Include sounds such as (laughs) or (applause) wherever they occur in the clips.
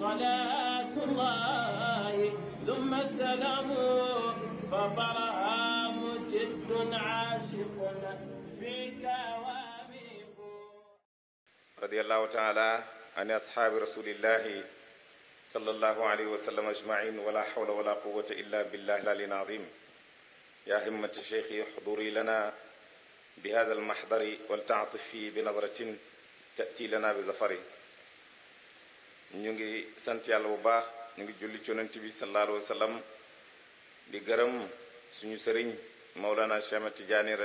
صلاة الله ثم السلام فطرها مجد عاشق فيك واميق رضي الله تعالى عن أصحاب رسول الله صلى الله عليه وسلم أجمعين ولا حول ولا قوة إلا بالله العلي العظيم يا همة شيخي احضري لنا بهذا المحضر ولتعطفي بنظرة تأتي لنا بظفر ñu ngi sant yàlla bu baax ñu ngi julli ci yonent bi sallallahu alayhi wa di gërëm suñu sëriñ Maulana Cheikh Ahmed Tidiane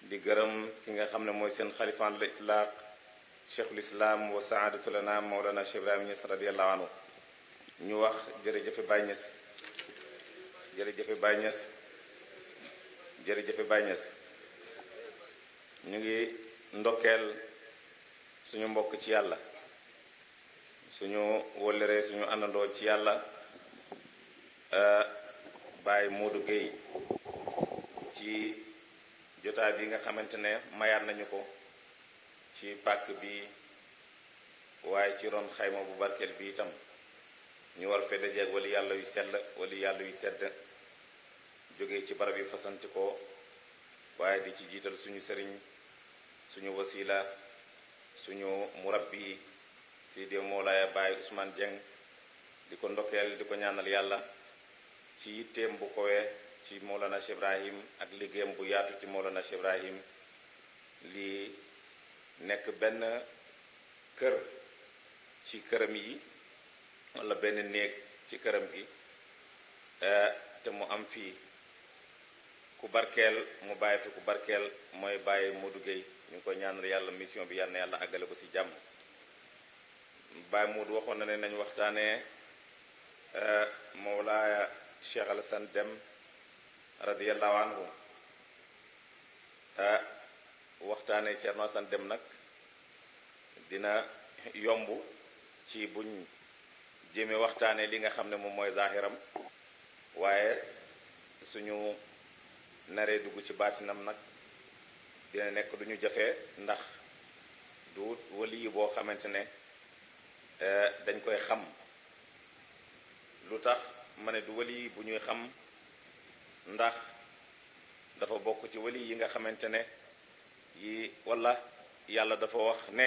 di gërëm ki nga xam ne mooy seen xalifaan la itlaaq cheikhul islam wa saadatul anam Maulana Cheikh Ibrahima Niass ñu wax jërëjëfe Baye Niass jërëjëfe Baye Niass ñu ngi ndokkeel suñu mbokk ci yàlla suñu wóllëree suñu àndandoo ci yàlla euh, Baye moo Gueye ci jotaay bi nga xamante ne mayaat nañu ko ci pàkk bi waaye ci ron xayma bu barkeel bi itam ñu war fee dajeeg wali yàlla yu sell wali yàlla yu tedd jóge ci barab yi fasanti ko waaye di ci jiital suñu sëriñ suñu wasila suñu murabbi Sidi Moolaaya Baye Ousmane Dieng di ko ndokkeel di ko ñaanal yàlla ci yitteem bu kowee ci Mawlana Cheikh Ibrahim ak liggéeyam bu yaatu ci Mawlana Cheikh Ibrahim lii nekk benn kër ci këram yi walla benn néeg ci këram gi e, te mu am fii ku barkeel mu bàyyi fi ku barkeel mooy bàyyi Modou Gueye ñu ngi koy ñaanal yàlla mission bi yàlla na yàlla àggale ko ci jàmm Baye Mood waxoon na ne nañ waxtaanee euh, Mawlaaya Cheikh Alassane Deme radiallahu anhu euh, waxtaanee Ceerno san dem nag dina yomb ci buñ jëmee waxtaanee li nga xam ne moom mooy zaahiram waaye suñu naree dugg ci baatinam nag dina nekk duñu jafee ndax du wali boo xamante ne Euh, dañ koy xam lu tax ma ne du wali bu ñuy xam ndax dafa bokk ci wali yi nga xamante ne yii walla yàlla dafa wax ne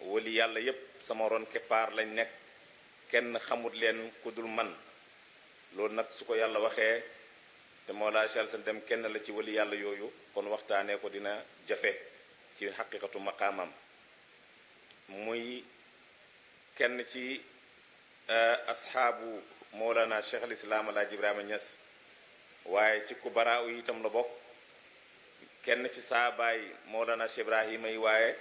wali yàlla yépp sama ron keppaar lañ nekk kenn xamut leen ku dul man loolu nag su ko yàlla waxee te Mawlaa Cheikh Al dem kenn la ci wali yàlla yooyu kon waxtaanee ko dina jafe ci xaqiqatu maqaamam muy kenn ci eh, asxaabu Mawlana Cheikh al Islam Alaaji Ibrahima Niass waaye ci ku baraaw yi itam la bokk kenn ci saabaay Mawlana Cheikh Ibrahima yi waaye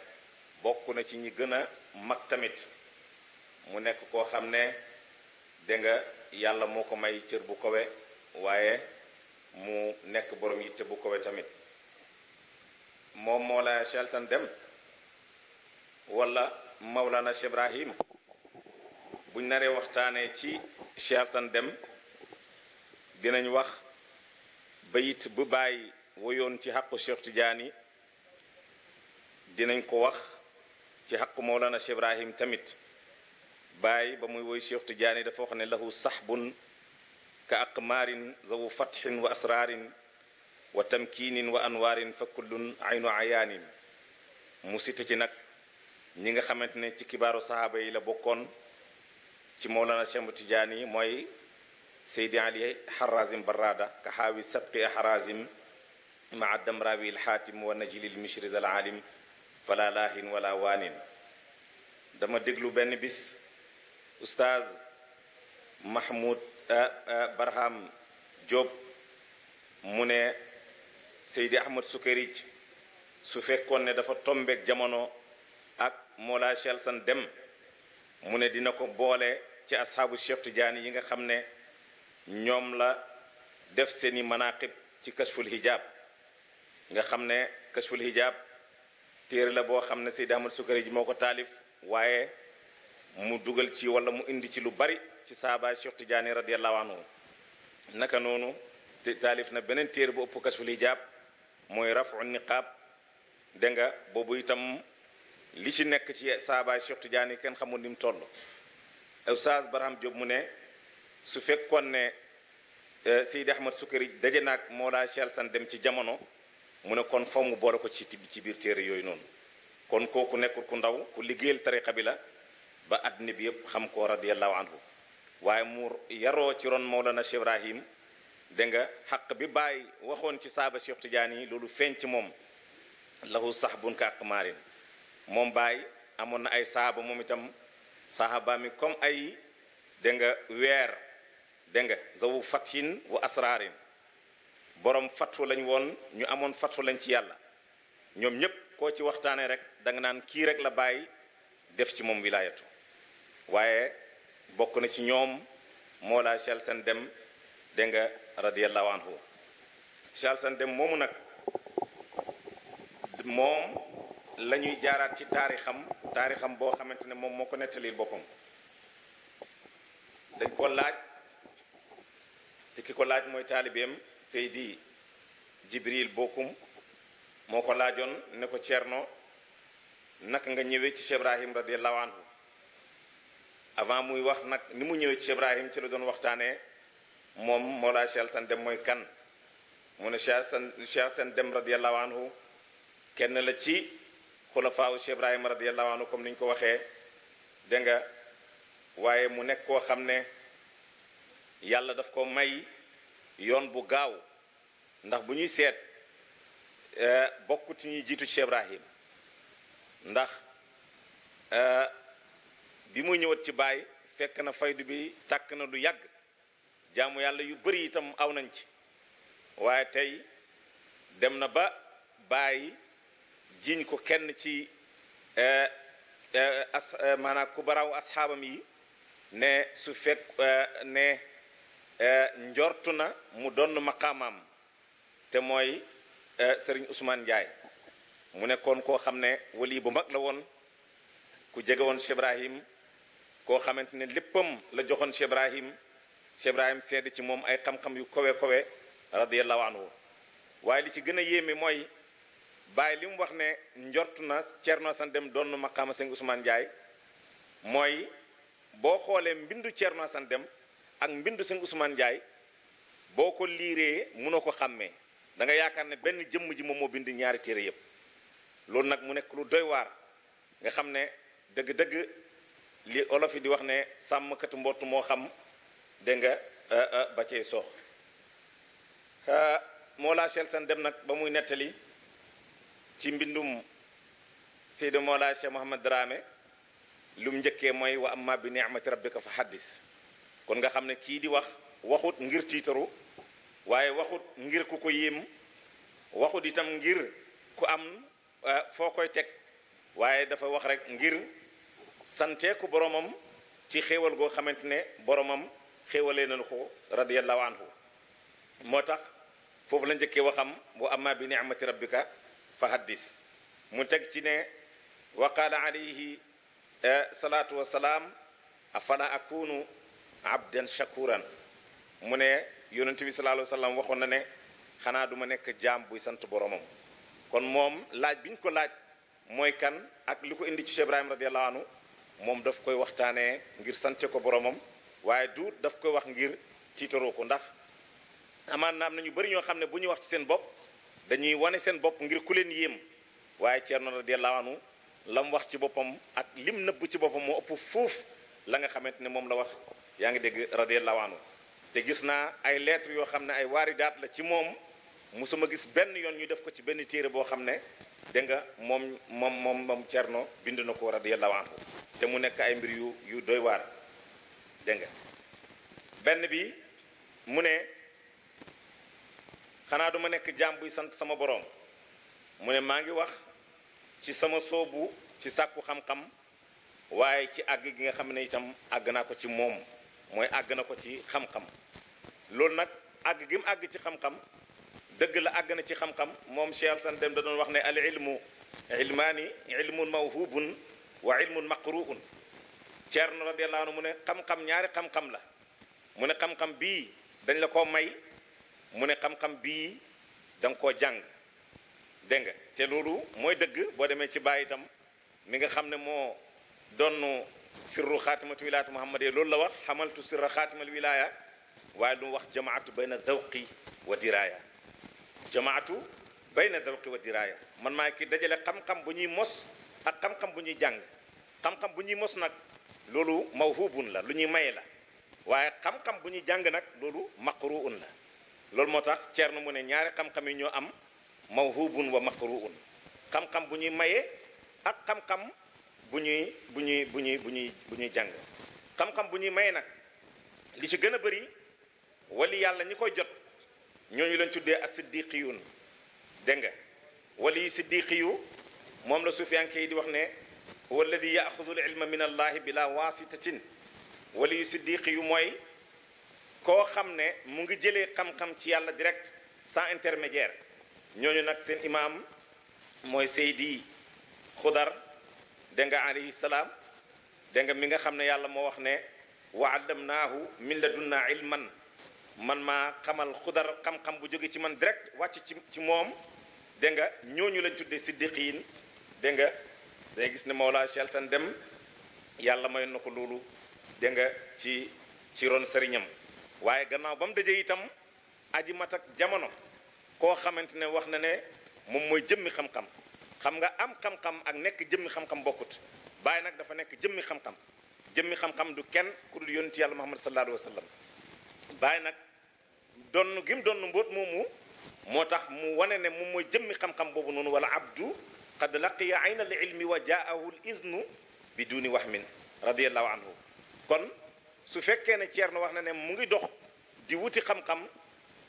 bokk na ci ñi gën a mag tamit mu nekk koo xam ne dégg nga yàlla moo ko may cër bu kowe waaye mu nekk borom yitte bu kowe tamit moom Mawlana Cheikh Alsane Deme wala Mawlana Cheikh buñ naree waxtaanee ci Cheikh dem Dème dinañ wax bayit bu bàyyi woyoon ci xaqu Cheikh Tidiane dinañ ko wax ci xaqu Mawlana Cheikh Ibrahim tamit bàyyi ba muy woy Cheikh Tidiane dafa wax ne lahu saxbun ka aqmaarin zawu fatxin wa asraarin wa tamkiinin wa anwaarin fa kullun aynu ayaanin mu site ci nag ñi nga xamant ne ci kibaaru sahaaba yi la bokkoon ci Mawlana Cheikh Tidiane mooy Seydi Ali Harazim Barada ka xaawi sabqi Harazim maa damrawi lxaatim wa najli lmishrid alalim fala laahin wala waanin dama déglu benn bis oustaz Mahmoud eh, eh, Barham Diop mu ne Seydi Ahmad Sukayrij su fekkoon ne dafa tombeek jamono ak Mawlana Cheikh Alassane mu ne dina ko boole ci asxaabu Cheikh jaani yi nga xam ne ñoom la def seeni manaqib ci kashful hijab nga xam ne kashful hijab téere la boo xam ne Seydi Ahmad Sukari ji moo ko taalif waaye mu dugal ci walla mu indi ci lu bari ci saaba Cheikh Tidiane radiyallahu anhu naka noonu te taalif na beneen téere bu ëpp kashful hijab mooy rafu niqab dégg nga boobu itam li ci nekk ci saaba Cheikh Tidiane yi kenn xamul ni mu toll Oustaz Barham Diop mu ne su fekkoon ne eh, Seydi Ahmad Sukari daje naag Mawlaa Cheikh San dem ci jamono mu ne kon faw mu boole ko ci ci biir téere yooyu noonu kon kooku nekkul ku ndaw ku liggéeyal tariqa bi la ba addina bi yëpp xam ko radiyallahu anhu waaye mu yaroo ci ron Mawlana Cheikh Ibrahim dégg nga xaq bi bàyyi waxoon ci saaba Cheikh Tidiane yi loolu feeñ ci moom laxu sax bun ka ak maarin moom bàyyi amoon na ay saaba moom itam sahaaba mi comme ay dégg nga weer dégg nga zawu yin wa asrarin boroom fattu lañ woon ñu amoon fattu lañ ci yàlla ñoom ñépp koo ci waxtaanee rek da nga naan kii rek la bàyyi def ci moom wilaayatu waaye bokk na ci ñoom Mawla Cheikh Sène dem dégg nga radiyallahu anhu Cheikh Sène moomu nag moom la jaaraat ci taarixam taarixam boo xamante ne moom moo ko nettalil boppam dañ ko laaj te ki ko laaj mooy taalibeem Seydi Jibril Bokum moo ko laajoon ne ko Cerno naka nga ñëwee ci Cheikh Ibrahim radiyallahu anhu avant muy wax nag ni mu ñëwee ci Cheikh ci la doon waxtaanee moom Mawlaa Cheikh San Dem mooy kan mu ne Cheikh San Dem radiyallahu anhu kenn la ci xulafaa u Cheikh Ibrahima radiyallahu anhu comme ni ko waxee dégg nga waaye mu nekk koo xam ne yàlla daf ko may yoon bu gaaw ndax bu ñuy seet e, bokk ñuy jiitu Cheikh Ibrahim ndax e, bi muy ñëwat ci baay fekk na faydu bi tàkk na lu yàgg jaamu yàlla yu bari itam aw nañ ci waaye tey dem na ba bàyyi jiiñ ko kenn ci eh, eh, as eh, maanaam ku baraaw asxaabam yi ne su fekk ne njortu na mu donn maqaamaam te mooy Serigne Ousmane Ndiaye mu nekkoon koo xam ne wali bu mag la woon ku jege woon Cheikh Ibrahim koo xamante ne léppam la joxoon Cheikh Ibrahim Cheikh Ibrahim seede ci moom ay xam-xam yu kowe kowe radiyallahu anhu waaye li ci gën a yéeme mooy bàyyi li mu wax ne njort na Thierno Assane Deme doon na maqaama sëñ Ousmane Ndiaye mooy boo xoolee mbindu Thierno Assane Deme ak mbindu sëñ Ousmane njaay boo ko liiree mënoo ko xàmmee danga yaakaar ne benn jëmm ji moom moo bind ñaari téere yëpp loolu nag mu nekk lu doy waar nga xam ne dëgg-dëgg li olof yi di wax ne sàmmkat mbott moo xam dégg nga euh, euh, ba cey soox euh, moo laa Cheikh Assane nag ba muy nettali ci mbindum Seydou Mawlana Cheikh Mouhamad Dramé lum njëkkee mooy wa amma bi ni'mati rabbika fa haddis kon nga xam ne kii di wax waxut ngir tiitaru waaye waxut ngir ku ko yéem waxut itam ngir ku am euh, foo koy teg waaye dafa wax rek ngir santeeku boromam ci xéewal goo xamante ne boromam xéewalee nañu ko radiyallahu anhu moo tax foofu la njëkkee waxam wa amma bi ni'mati rabbika fa haddis mu teg ci ne wa qaala alayhi eh, salaatu wasalaam afala akunu abdan shakuran mu ne yonent bi sallallahu waxoon na ne xanaa duma nekk jaam buy sant boromam kon moom laaj biñ ko laaj mooy kan ak li ko indi ci Cheikh Ibrahim radiyallahu anhu moom daf koy waxtaanee ngir sante ko boromam waaye du daf koy wax ngir tiitaroo ko ndax amaan naam am na ñu bëri ñoo xam ne bu ñu wax ci seen bopp dañuy wane seen bopp ngir ku leen yéem waaye Ceerno radiyallaahu anhu la mu wax ci boppam ak lim nëbb ci boppam moo ëpp fuuf la nga xamante ne moom la wax yaa ngi dégg radiyallaahu anhu te gis naa ay lettres yoo xam ne ay waaridaat la ci moom musuma gis benn yoon ñu def ko ci benn téere boo xam ne dégg nga moom moom moom moom Cerno bind na ko radiyallaahu anhu te mu nekk ay mbir yu yu doy waar dégg benn bi mu ne xanaa duma nekk jaam buy sant sama boroom mu ne maa ngi wax ci sama soobu ci sàkku xam-xam waaye ci àgg gi nga xam ne itam àgg naa ko ci moom mooy àgg na ko ci xam-xam loolu nag àgg gim àgg ci xam-xam dëgg la àgg na ci xam-xam moom Cheikh Alassane Dème da doon wax ne al ilmu ilmaani ilmun mawhubun wa ilmun na Ceerno radiyallahu anhu mu ne xam-xam ñaari xam-xam la mu ne xam-xam bii dañ la koo may mu ne xam-xam bii da nga koo jàng dégg nga te loolu mooy dëgg boo demee ci bàyyi itam mi nga xam ne moo doon sirru xaatimatu wilaayatu muhammad yi loolu la wax xamaltu sirra xaatimal wilaaya waaye lu mu wax jamaatu bayna dawqi wa diraaya jamaatu bayna dawqi wa diraaya man maay kii dajale xam-xam bu ñuy mos ak xam-xam bu ñuy jàng xam-xam bu ñuy mos nag loolu mawhubun la lu ñuy maye la waaye xam-xam bu ñuy jàng nag loolu maqruun la loolu moo tax ceer na mu ne ñaari xam-xam yi ñoo am mawhubun wa maqruun xam-xam bu ñuy maye ak xam-xam bu ñuy bu ñuy bu ñuy bu ñuy bu ñuy jàng xam-xam bu ñuy maye nag li ci gën a bëri wali yàlla ñi koy jot ñooñu leen tuddee as-siddiqiyun dégg nga wali yi siddiqiyu moom la sufiyanke yi di wax ne walladi yaxudu al ilma min allahi bila wasitatin wali yu siddiqiyu mooy koo xam ne mu ngi jëlee xam-xam ci yàlla direct sans intermédiaire ñooñu nag seen imaam mooy Seydi Xudar dégg nga alayhi salaam dégg nga mi nga xam ne yàlla moo wax ne wa allamnaahu min ladunna ilman man maa xamal xudar xam-xam bu jóge ci man direct wàcc ci ci moom dégg nga ñooñu lañ tuddee siddiqiin dégg nga day gis ne moo laa Cheikh seen dem yàlla may na ko loolu dégg ci ci ron sëriñam waaye gannaaw ba mu dajee itam aji mat ak jamono koo xamante ne wax na ne moom mooy jëmmi xam-xam xam nga am xam-xam ak nekk jëmmi xam-xam bokkut bàyyi nag dafa nekk jëmmi xam-xam jëmmi xam-xam du kenn ku dul yonent yàlla Muhammad sallallahu alayhi wa sallam bàyyi nag donn gi mu donn mbóot moomu moo tax mu wane ne moom mooy jëmmi xam-xam boobu noonu wala abdu qad laqiya ayna al ilmi wa jaahu al iznu bi duni wahmin radiyallahu anhu kon su fekkee ne na wax na ne mu ngi dox di wuti xam-xam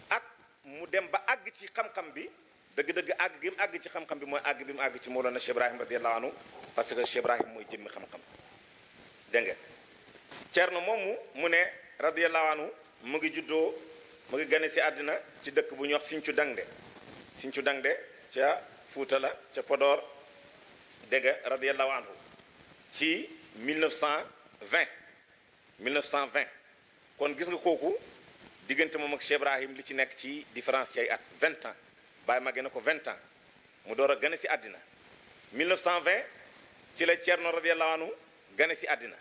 ak mu dem ba àgg ci xam-xam bi dëgg-dëgg àgg gi mu àgg ci xam-xam bi mooy àgg bi mu àgg ci Mawlana Cheikh Ibrahim radiyallahu anhu parce que Cheikh mooy jëmmi xam-xam dégg nga na moom mu ne radiyallahu anhu mu ngi juddoo mu ngi gane si àddina ci dëkk bu ñuy wax Sinthiou Dangde Sinthiou Dangde ca Fuuta ca Podor dégg nga radiyallahu anhu ci 1920 kon gis nga kooku diggante moom ak Cheikh Ibrahim li ci nekk ci différence ci ay at 20 ans bàyyi màggee na ko vingt ans mu door a gane si àddina 1920 ci la Thierno radiyallahu anhu gane si àddina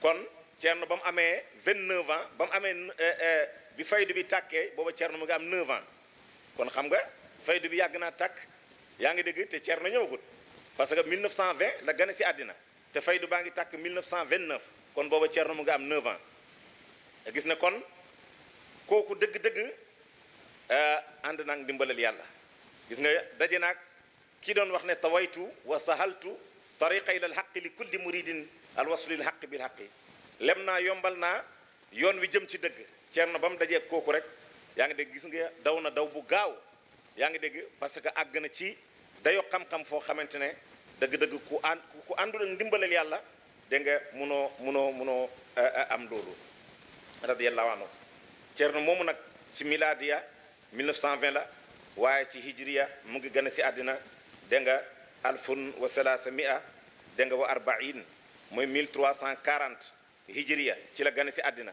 kon Thierno ba mu amee 29 ans ba mu amee euh, euh, bi faydu bi tàkkee booba Thierno mu ngi am 9 ans kon xam nga faydu bi yàgg naa tàkk yaa ngi dégg te Thierno ñëwagut parce que 1920 la gane si àddina te faydu baa ngi tàkk 1929. kon booba Thierno mu nga am 9 ans gis na kon kooku dëgg-dëgg eh, ànd naag ndimbalal yàlla gis nga daje naag kii doon wax ne tawaytu wa sahaltu tariqa ila alxaqi li kulli muridin alwaslu lil bi bil xaqi lem naa yombal naa yoon wi jëm ci dëgg Thierno ba mu dajee kooku rek yaa ngi dégg gis nga daw na daw bu gaaw yaa ngi dégg parce que àgg na ci dayo xam-xam foo xamante ne dëgg-dëgg ku ànd ku àndul ndimbalal yàlla dégg nga munoo munoo munoo am loolu radiyallahu anhu na moomu nag ci miladiya 1920 la waaye ci hijriya mu ngi gën si àddina dégg nga alfun wa salaasa mia dégg nga wa arbaine mooy 1340 hijriya ci la gën a si àddina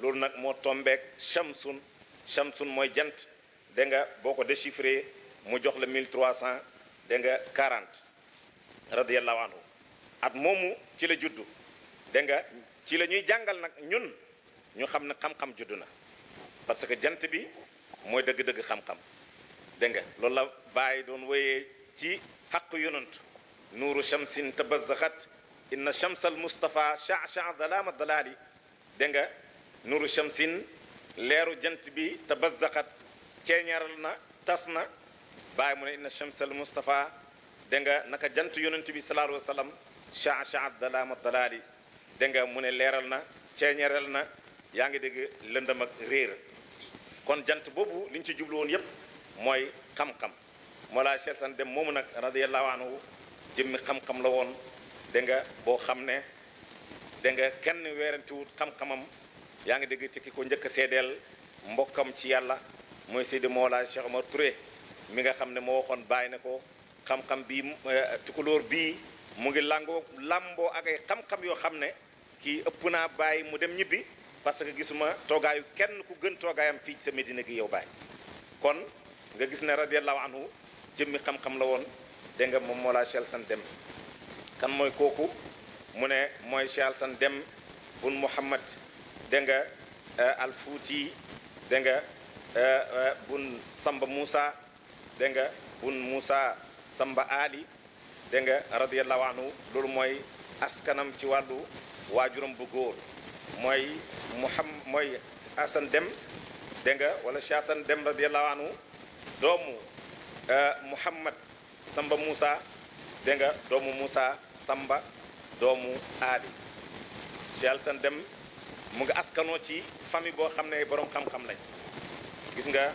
loolu nag moo tombeek chamsun chamsun mooy jant dégg nga boo ko déchiffré mu jox la 1340 radiyallahu anhu at moomu ci la juddu dégg nga ci la ñuy jàngal nag ñun ñu xam ne xam-xam juddu na parce que jant bi mooy dëgg-dëgg xam-xam dégg nga loolu la bàyyi doon woyee ci xaq yonant nuuru shamsin tabazaxat inna shamsal mustafa sha'sha dalaama dalaali dégg nga nuru shamsin leeru jant bi tabazaxat ceeñaral na tas na bàyyi mu ne inna shamsal mustafa dégg nga naka jant yonant bi sallallahu alayhi cha cha dalaama dalaali dégg nga mu ne leeral na ceeñeeral na yaa ngi dégg lëndëm ak réer kon jant boobu liñ ci jublu woon yépp mooy xam-xam moolaa Cheikh Sane Dem moomu nag radiyallahu anhu jëmmi xam-xam la woon dégg nga boo xam ne dégg nga kenn weerantiwut xam-xamam yaa ngi dégg ci ko njëkk a seedeel mbokkam ci yàlla mooy Seydi Moolaa Cheikh Omar Touré mi nga xam ne moo waxoon bàyyi ne ko xam-xam bii euh, tukulóor bii mu ngi làngoo làmboo ak ay xam-xam yoo xam ne kii ëpp naa bàyyi mu dem ñibbi parce que gisuma toogaayu kenn ku gën toogaayam fii ci sa Medina gi yow bàyyi kon nga gis ne radiyallahu anhu jëmmi xam-xam la woon dégg nga moom moo laa Cheikh Alassane kan mooy kooku mu ne mooy Cheikh Alassane Dème bun Mouhamad dégg nga euh, Alfouti dégg nga euh, euh, bun Samba Moussa dégg nga bun muusa Samba Ali dégg nga radiyallahu anhu loolu mooy askanam ci wàllu waajuram bu góor mooy muham mooy asan dem dégg nga wala si asan dem radiyallahu anhu doomu euh, muhammad samba moussa dégg doomu moussa samba doomu aali si asan dem mu nga askanoo ci fami boo xam ne boroom xam-xam lañ gis nga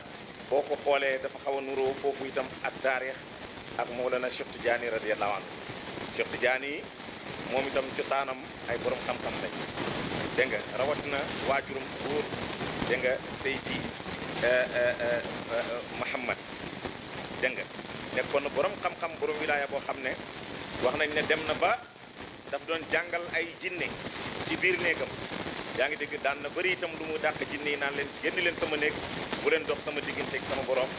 boo ko xoolee dafa xaw a nuroo foofu itam ak taarix ak Mawlana Cheikh Tidiane radiyallahu anhu Cheikh Tidiane yi moom itam cosaanam ay boroom xam-xam lañ dégg nga rawatina waajurum buur dégg nga Seydi eh, eh, eh, Muhammad dégg nga nekkoon na borom xam-xam borom wilaaya boo xam ne wax nañ ne dem na ba daf doon jàngal ay jinne ci biir néegam yaa ngi dégg daan na bëri itam lu mu dàq jinne yi naan leen génn leen sama néeg bu leen dox sama digganteeg sama boroom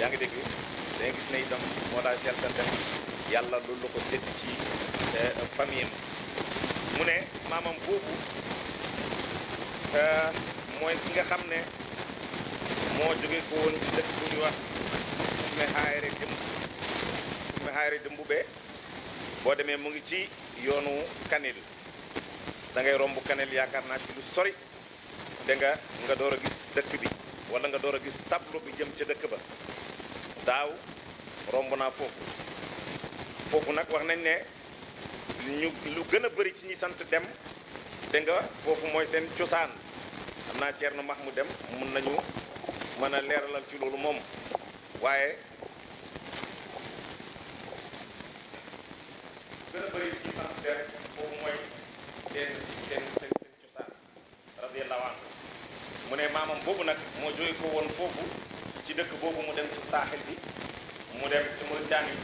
yaa ngi dégg da gis na itam moo daa Cheikh Anta Dem yàlla loolu la ko sédd ci euh, famille mu ne maamam boobu euh, mooy nga xam ne moo jóge ko woon ci dëkk bu ñuy wax Umme Haayre Dëmb Umme Haayre Dëmb bee boo demee mu ngi ci yoonu Kanel dangay romb Kanel yaakaar naa ci lu sori da nga nga door a gis dëkk bi wala nga door a gis tableau bi jëm ca dëkk ba daaw romb naa foofu foofu nag wax nañ ne ñu lu gën a bëri ci ñi sant dem dégg nga foofu mooy seen cosaan xam naa na max mu dem mun nañu mën a leeralal ci loolu moom waaye gën a bëri ci ñi sant dem foofu mooy seen seen seen cosaan radiyallahu anhu mu ne maamam boobu nag moo jóge ko woon foofu ci dëkk boobu mu dem ci saaxil bi mu dem ci Mauritanie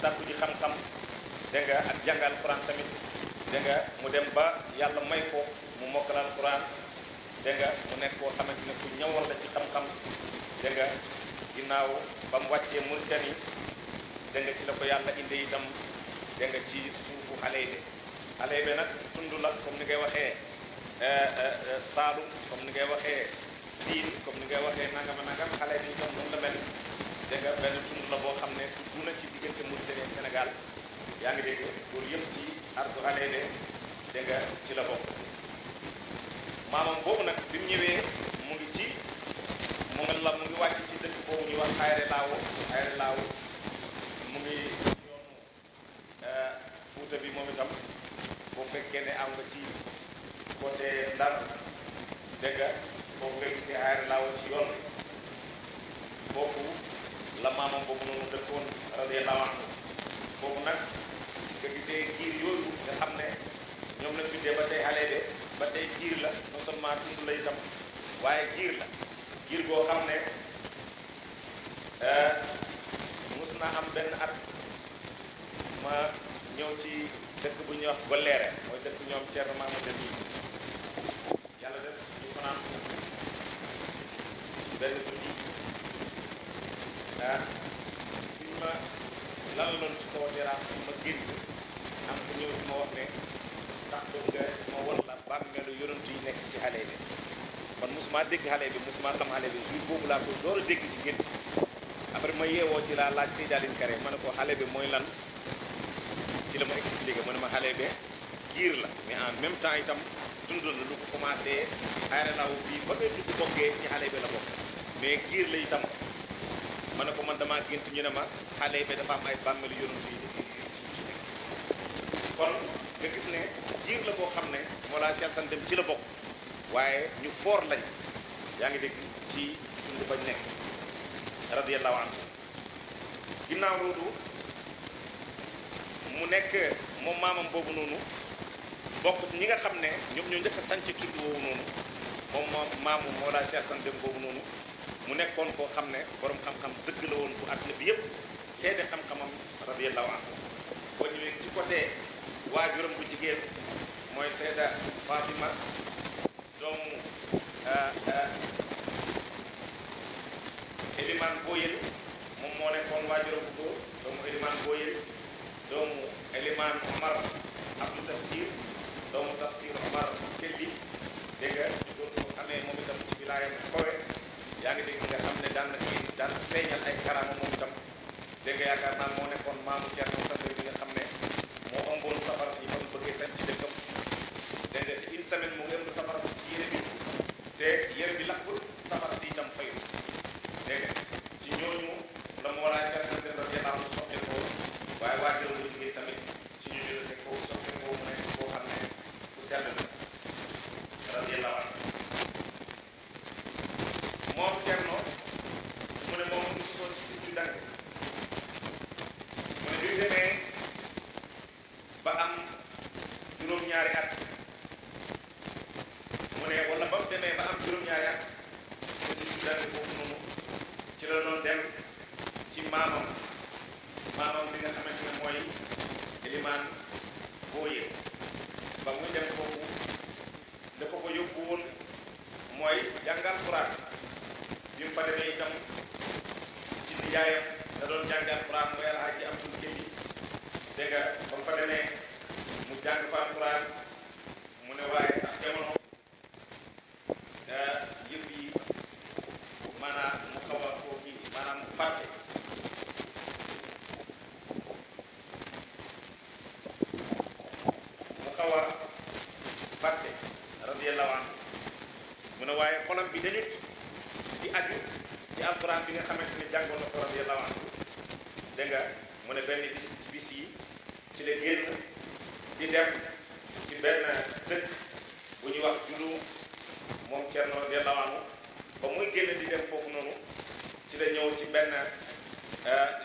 sàkku ji xam-xam dégg ak jàngal Alxuraan tamit dégg nga mu dem ba yàlla may ko mu mokkal Alxuraan dégg nga mu nekk koo xamante ne ku ñëwal la ci xam-xam dégg ginnaaw ba mu wàccee Mauritanie dégg nga ci la ko yàlla indee itam dégg nga ci suufu Halebe Halebe nag tund la comme ni ngay waxee euh, euh, euh, Saalum comme ni ngay waxee. siin comme ni ngay waxee nangama nangam xale bi ñoom noonu la mel dégg benn tund la boo xam ne bu na ci diggante Mauritanie ak yaa ngi dégg loolu yëpp ci ardu aleene dégg nga ci la bokk maamam boobu nag bi mu ñëwee mu ngi ci mu ngi la mu ngi wàcc ci dëkk boobu ñu wax Aéré Lao Aéré Lao mu ngi yoonu euh, Fuuta bi moom itam boo fekkee ne am nga ci côté Ndar dégg foofu nga gisee aar laaw ci yoon bi foofu la maamam boobu noonu dëkkoon radiyallahu anhu foofu nag nga gisee giir yooyu nga xam ne ñoom lañ tuddee ba tey xale de ba tey giir la non seulement dund la itam waaye giir la giir boo xam ne euh, mus na am benn at ma ñëw ci dëkk bu ñuy wax Golleere mooy dëkk ñoom Thierno Mamadou Deme yàlla def ñu fanaan benn tuuti ah biñ ma lanloon ci kaw terrasse bi ma gént am ku ma wax ne ndax bëgg nga ma wan la bàmmeelu yonent yi nekk ci xale bi kon mosuma dégg xale bi mosuma xam xale bi jour boobu laa ko door a dégg ci gént après ma yeewoo ci laa laaj Seydi Aline Kare ma ne ko xale bi mooy lan ci la ma expliqué mu ne ma xale bi giir la mais en même temps itam dund la lu ko commencé aéré law fii ba nga dugg bokkee ci xale bi la bokk mais giir la itam ma ne ko man damaa gént ñu ne ma xale bi dafa am ay bàmmeelu yonent yi kon nga gis ne giir la koo xam ne moo laa Cheikh Sane dem ci la bokk ñu foor lañ yaa ngi dégg ci dund nekk radiyallahu moom maamam boobu noonu bokk ñi nga xam ne ñoom ñoo njëkk a sanc tudd woowu moom moom maamu moo laa Cheikh Sane dem boobu noonu mu nekkoon koo xam ne borom xam-xam dëgg la woon bu àdduna bi yëpp seede xam-xamam radiyallahu anhu boo bu jigéen mooy Seyda Fatima doomu euh, euh, Eliman Boyel moom moo nekkoon waajuram bu góor doomu Eliman Boyel doomu Eliman Omar Abdou Tafsir doomu Tafsir Omar Kelli dégg nga ñu ko amee moom itam ci wilaayam kawe yaa ngi dégg nga xam ne daan na kii daan feeñal ay karaama moom itam dégg yaakaar naa moo nekkoon maamu Cerno Safar bi nga xam ne moo ëmboon safara si ba mu bëggee sañ ci dëkkam dégg nga ci une semaine mu ngi ëmb safara si ci yére bi te yére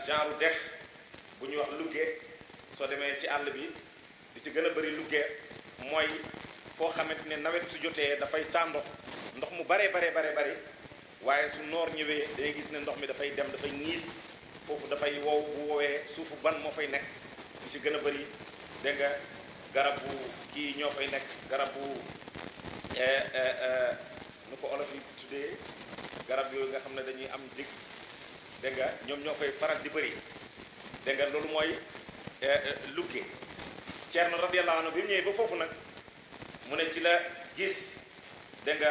genre dex bu ñuy wax luggee soo demee ci àll bi di ci gën a bëri luggee mooy foo xamante ne nawet su jotee dafay tàndox ndox mu baree baree baree bari waaye su noor ñëwee day gis ne ndox mi dafay dem dafay ñiis foofu dafay wow bu woowee suufu ban moo fay nekk li ci gën a bari dégg garab garabu kii ñoo fay nekk garabu eh, eh, eh, nu ko olof yi tuddee garab yooyu nga xam ne dañuy am jig dégg nga ñoom ñoo koy faral di bëri dégg loolu mooy eh, eh, Lukke Ceerno radiyallahu anhu bi mu ñëwee ba foofu nag mu ne ci la gis dégg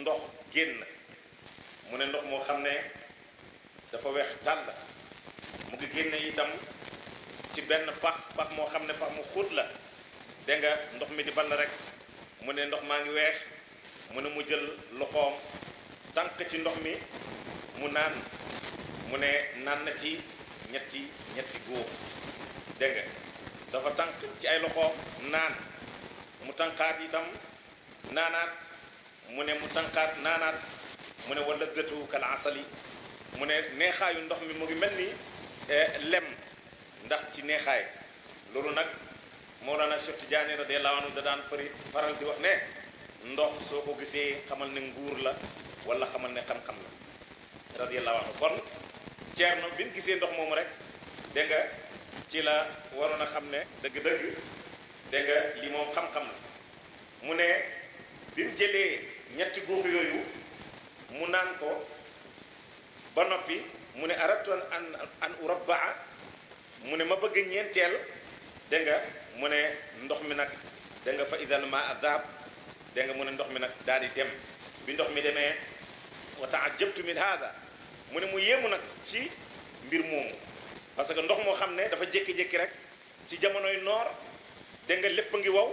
ndox génn mu ne ndox moo xam ne dafa weex mu ngi ci benn pax moo xam ne pax mu xóot la dégg ndox mi di ball rek mu ne ndox maa ngi mu jël loxoom tànk ci ndox mi mu naan mu ne naan na ci ñetti ñetti góor dégg dafa tànk ci ay loxoom naan mu tànkaat itam naanaat mu ne mu tànkaat naanaat mu ne wala gëtu kal asali mu ne neexaayu ndox mi mu ngi mel ni eh, lem ndax ci neexaay loolu nag sut Cheikh Tidiane radiyallahu anhu da daan fari faral di wax ne ndox soo ko gisee xamal ne nguur la walla xamal ne xam-xam la radiyallahu anhu kon Ceerno bi ñu gisee ndox moomu rek dégg nga ci la waroon a xam ne dëgg-dëgg dégg nga li moom xam-xam mu ne bi mu jëlee ñetti guux yooyu mu naan ko ba noppi mu ne arabtoon an an urabaa mu ne ma bëgg ñeenteel dégg nga mu ne ndox mi nag dégg nga fa idal ma adab dégg nga mu ne ndox mi nag daal di dem bi ndox mi demee wa taajabtu min hada mu ne mu yéemu nag ci mbir moomu parce que ndox moo xam ne dafa jékki-jékki rek ci jamonoy noor dégg nga lépp ngi wow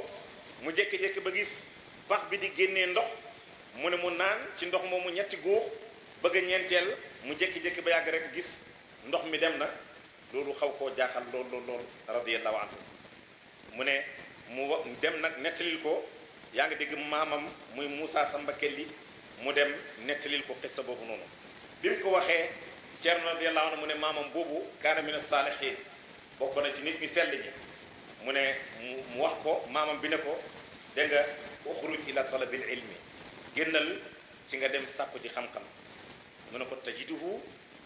mu jékki-jékki ba gis pax bi di génnee ndox mu ne mu naan ci ndox moomu ñetti góox bëgg a ñeenteel mu jékki-jékki ba yàgg rek gis ndox mi dem na loolu xaw koo jaaxal lool lool lool radiyallahu mu ne mu dem nag nettalil ko yaa ngi dégg maamam muy Moussa Samba Kelli mu dem nettalil ko xissa boobu noonu bi ko waxee Cerno radiyallahu anhu mu ne maamam boobu kaanamin mina saalihin bokk na ci nit ñu sell ñi mu ne mu mu wax ko maamam bi ne ko dégg nga uxruj ila talabil ilmi génnal ci nga dem sàkku ji xam-xam mu ne ko tajiduhu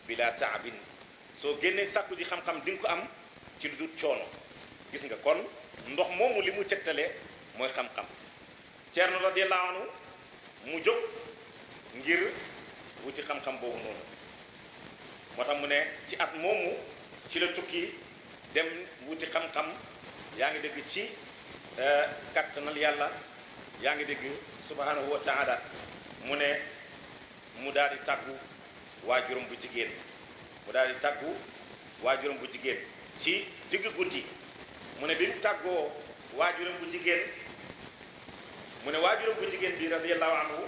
bila taabin soo génnee sàkku ji xam-xam di nga ko am ci lu dul coono gis nga kon ndox moomu li mu tegtale mooy xam-xam Cerno radiyallahu anhu mu jóg ngir wuti xam-xam boobu noonu moo tax mu ne ci at moomu ci la tukki dem wuti xam-xam yaa ngi dégg ci euh, kattanal yàlla yaa ngi dégg subhanahu wa taala mu ne mu daal di tàggu waajuram bu jigéen mu daal di tàggu waajuram bu jigéen ci digg guddi mu ne bi mu tàggoo waajuram bu jigéen mu ne waajuram bu jigéen bi radiyallahu anhu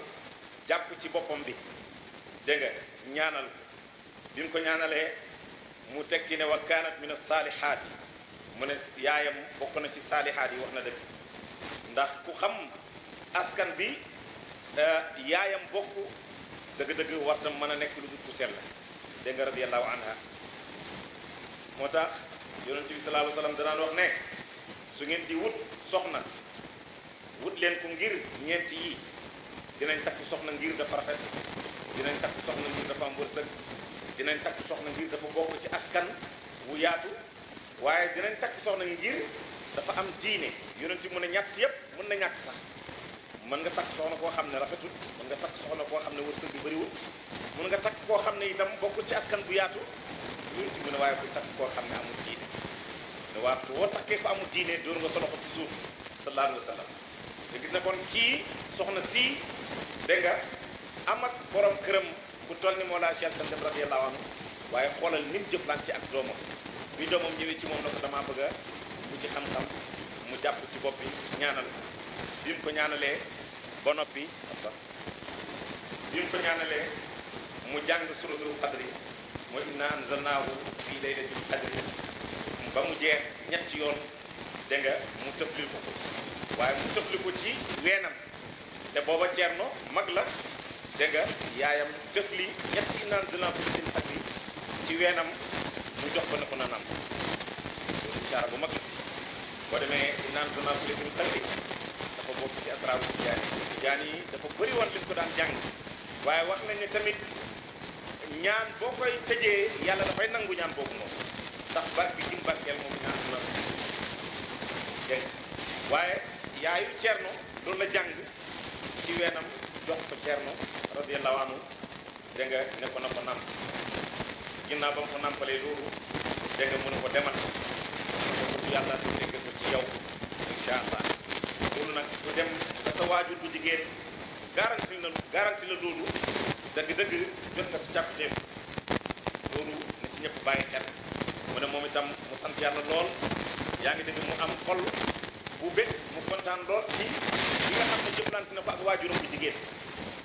jàpp ci boppam bi dégg ñaanal din ko ñaanalee mu teg ci ne wa kaanat min as-saalihaat yi mu ne yaayam bokk na ci saalihaat yi wax na dëgg ndax ku xam askan bi eh, yaayam bokk dëgg-dëgg war na mën a nekk lu dul ku sell dégg nga anha moo tax yonent bi sallallahu alayhi wa sallam danaan wax ne su ngeen di wut soxna wut leen ko ngir ñeenti yi dinañ takk soxna ngir dafa rafet dinañ takk soxna ngir dafa am wërsëg dinañ takk soxna ngir dafa bokk ci askan bu yaatu waaye dinañ takk soxna ngir dafa am diine yonent mën a ñàtt yépp mën na ñàkk sax mën nga takk soxna koo xam ne rafetul mën nga takk soxna koo xam ne wërsëg bi bëriwul mën nga takk koo xam ne itam bokkul ci askan bu yaatu yonent mu ne waaye ku takk koo xam ne amul diine ne waxtu woo takkee ko amul diine dóor nga sa loxo ci suuf sallallahu alayhi wa te gis na kon kii soxna sii dégg amat borom këram bu toll ni moo laa Cheikh Sante radiyallahu anhu waaye xoolal nim jëflante ak doomam bi doomam ñëwee ci moom la ko damaa bëgg a mu ci xam jàpp ci bopp bi ñaanal ko bi mu ko ñaanalee ba noppi bi mu ko ñaanalee mu jàng suratul qadri mooy inna anzalnaahu fii ba mu jeex ñetti yoon dégg nga mu tëflil waaye mu tëfli ci weenam te booba Ceerno mag la dégg nga yaayam def lii ñetti naan de l'amphithéine ak bi ci weenam mu jox ko ne ko na loolu dara bu mag la boo demee naan de l'amphithéine ak bi dafa bokk ci atrabu Tijaani yi dafa bëri woon liñ ko daan jàng waaye wax nañ ne tamit ñaan boo koy tëjee yàlla dafay nangu ñaan boobu moom ndax barke gi barkeel moom ñaan du la dégg waaye yaayu Cerno loolu la jàng ci weenam jox ko Cerno radiyallahu anhu dégg nga na ko nàmp ginnaaw ba mu ko nàmpalee loolu dégg nga mu ne ko demal mu ko ko ci yow incha allah loolu nag du dem ba sa waajur du jigéen garanti la garanti la loolu dëgg-dëgg jot nga si càkkuteef loolu na ci bàyyi xel mu ne moom itam mu sant yàlla lool yaa ngi dégg mu am xol bu bég mu kontaan lool ci li nga xam ne jëflante na ko ak waajuram bu jigéen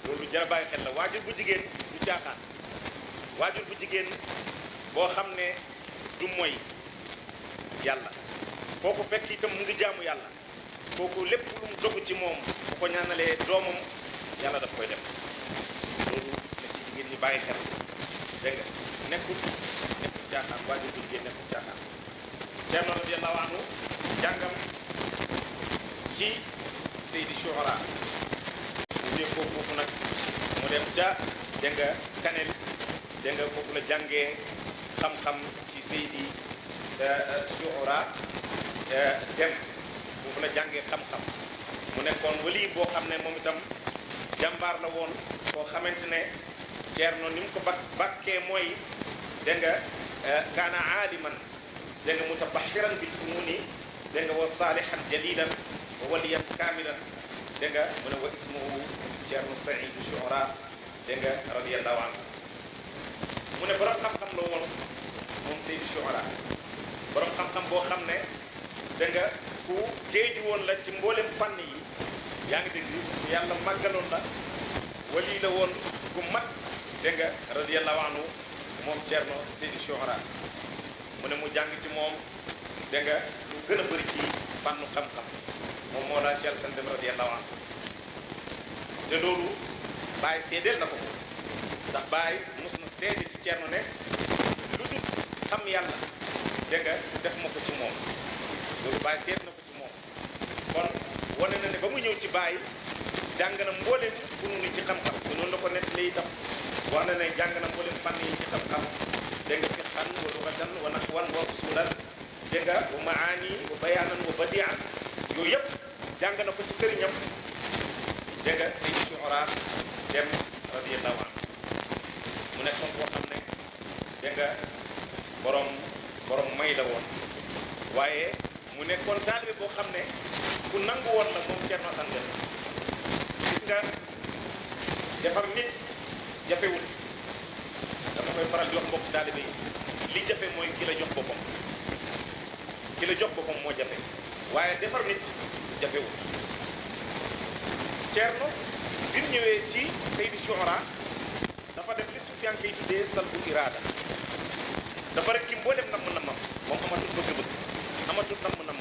loolu lu bàyyi xel la waajur bu jigéen du caaxaan waajur bu jigéen boo xam ne du mooy yàlla foo ko fekk itam mu ngi jaamu yàlla kooku lépp lu ci moom bu ko ñaanalee doomam yàlla daf koy def loolu na ci jigéen ñi bàyyi xel dégg nga nekkul nekkul caaxaan waajur bu jigéen nekkul caaxaan Ceerno radiyallahu anhu jàngam ci Seydi jëlee ko foofu nag mu dem ca dégg nga kanel dégg nga foofu la jàngee xam-xam ci Seydi Suura euh, euh, euh, dem foofu la jàngee xam-xam mu nekkoon wali boo xam ne moom itam jàmbaar la woon koo xamante ne Ceerno ni mu ko bak bakkee mooy dégg nga kaana aaliman dégg nga mutabaxiran bil fununi dégg nga wa saalihan jalilan wa waliyan kaamilan dégg nga mu ne wa ismuhu Ceerno Saydu Shu'ara dégg nga radiyallahu anhu mu ne borom xam-xam la woon moom Saydu Shu'ara borom xam-xam boo xam ne dégg ku géeju woon la ci mboolem fànn yi yaa ngi dégg yàlla màggaloon la wali la woon ku mag dégg nga radiyallahu anhu moom Ceerno Saydu Shu'ara mu ne mu jàng ci moom dégg lu gën a bari ci fànnu xam-xam. moom moo laa Cheikh Sane di radiyallahu anhu te loolu Baye seedeel na ko ndax Baye mos na seede ci Thierno ne lu dul xam yàlla dégg nga def ma ko ci moom loolu Baye seet na ko ci moom kon wane na ne ba mu ñëw ci Baye jàng na mbooleem funu ni ci xam-xam te noonu la ko ci xam-xam dégg fi xan wa luxatan wa naxwan wa usulan dégg wa maani wa bayaanan wa badian yooyu yëpp. jàng na ko ci sëriñam dégg nga Seydi Suhra dem radiyallahu anhu mu nekkoon koo xam ne dégg borom borom may la woon waaye mu nekkoon taalibe boo xam ne ku nangu woon la moom Thierno Sandel gis nga defar nit jafewut dama koy faral jox mbokk taalibe li jafe mooy ki la jox boppam ki jox boppam moo jafe waaye defar nit jafewut Cerno bi ñëwee ci Seydi Shuara dafa def li Sufyaan koy tuddee salbu iraada dafa rek ki mboolem namm nammam moom amatul bëgg-bëgg amatul namm namm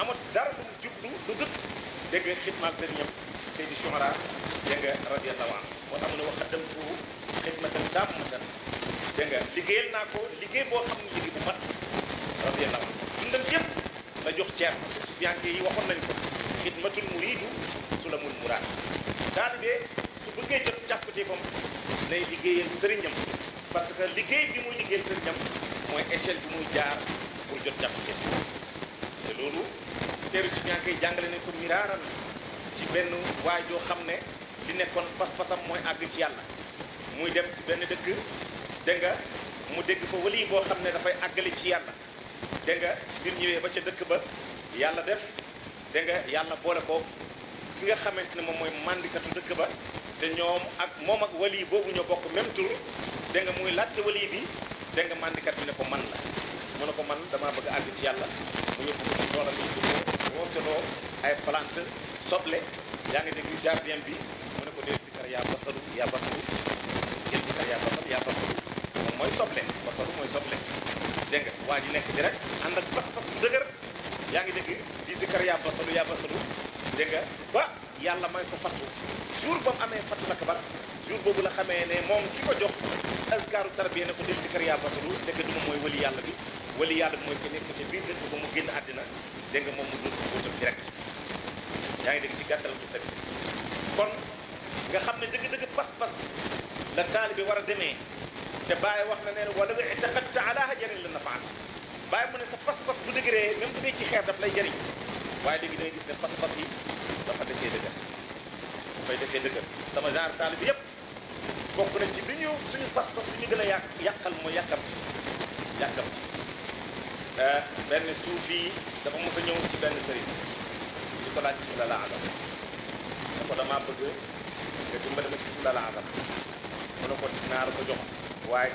amatul dara lu mu jublu lu dëkk dégg nga xidmaal seen ñëpp Seydi Shuara dégg nga radiyallahu anhu moo tax mu ne wa xaddamtuhu xidmatan taammatan dégg nga liggéeyal naa ko liggéey boo xam ne bu mat la jox ceeb sufiyanke yi waxoon nañ ko xidmatul muridu sulamul muraad taalibe su bëggee jot càkkutéefam nay liggéeyal sëriñam parce que liggéey bi muy liggéeyal sëriñam mooy échelle bi muy jaar pour jot càkkutéef te loolu teeru sufiyanke yi jàngale nañ ko miraaran ci benn waay joo xam ne li nekkoon pas-pasam mooy àgg ci yàlla muy dem ci benn dëkk dégg nga mu dégg fa wali boo xam ne dafay àggale ci yàlla dégg nga mbir ñëwee ba ca dëkk ba yàlla def dégg nga yàlla boole ko ki nga xamante ne moom mooy mandikatu dëkk ba te ñoom ak moom ak wali boobu ñoo bokk même tur dégg nga muy laajte wali bi dégg nga bi ne ko man la mu ne ko man damaa bëgg àgg ci yàlla mu yóbbu ay plante soble yaa ngi dégg jardin bi mu ne ko dee sikar yaa basalu yaa basalu jël yaa basalu mooy soble basalu mooy soble dégg nga waa ji nekk ci rek ak pas-pas bu dëgër yaa ngi dégg di sikkar yaa basalu yaa basalu dégg nga ba yàlla may ko fattu jour ba mu amee fattu la kabar jour boobu la xamee ne moom ki ko jox askaaru tarbiya ne ko del sikkar yaa basalu dégg yàlla bi wali yàlla bi mooy ko nekk ci biir dëkk ba mu génn àddina dégg nga moom mu dund ko direct yaa ngi dégg ci gàttal gis bi kon nga xam ne dëgg-dëgg pas-pas la taalibe war a demee te Baye wax na ne wala nga itaqat ca alaaha jariñ la na faat Baye mu ne sa pas-pas bu dëgëree même bu dee ci xeer daf lay jëriñ waaye léegi da ngay gis ne pas-pas yi dafa desee dëgër dafay desee dëgër sama genre taalibe yëpp bokk na ci li ñu suñu pas-pas li ñu gën a yàqal mooy yàkkam ci yàkkam ci euh, suuf yi dafa mos a ñëw ci benn sëriñ di ko laaj ci la la adam ne ko damaa bëgg nga dimbali ma ci mu ne ko dinaa ko jox waaye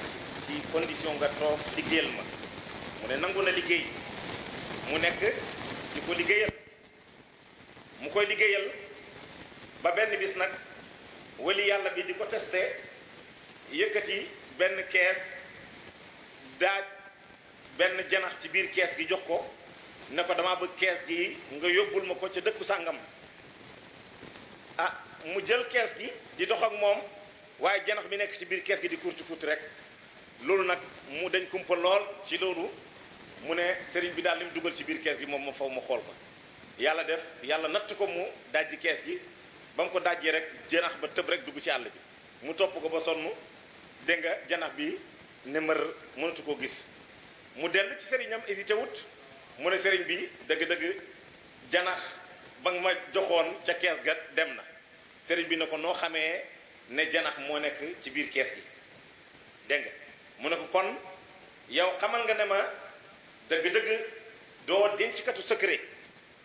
ci condition nga toog liggéeyal ma mu ne nangu na liggéey mu nekk di ko liggéeyal mu koy liggéeyal ba benn bis nag wali yàlla bi di ko testé yëkkati benn kees daaj benn janax ci biir kees gi jox ko ne ko dama bëgg kees gi nga yóbbul ma ko ca dëkku sàngam ah mu jël kees gi di dox ak moom waaye janax bi nekk ci biir kees gi di kurti kurti rek loolu nag mu dañ kumpa lool ci loolu mu ne sëriñ bi daal li mu dugal ci biir kees gi moom ma faw ma xool ko yàlla def yàlla natt ko mu dajji kees gi ba mu ko dajjee rek janax ba tëb rek dugg ci àll bi mu topp ko ba sonn dégg nga janax bi ne mër mënatu koo gis mu dellu ci sëriñam hésité wut mu ne sëriñ bi dëgg-dëgg janax ba ma joxoon ca kees ga dem na sëriñ bi ne ko noo xamee ne janax moo nekk ci biir kees gi dégg nga mu ne ko kon yow xamal nga ne ma dëgg-dëgg doo denckatu secret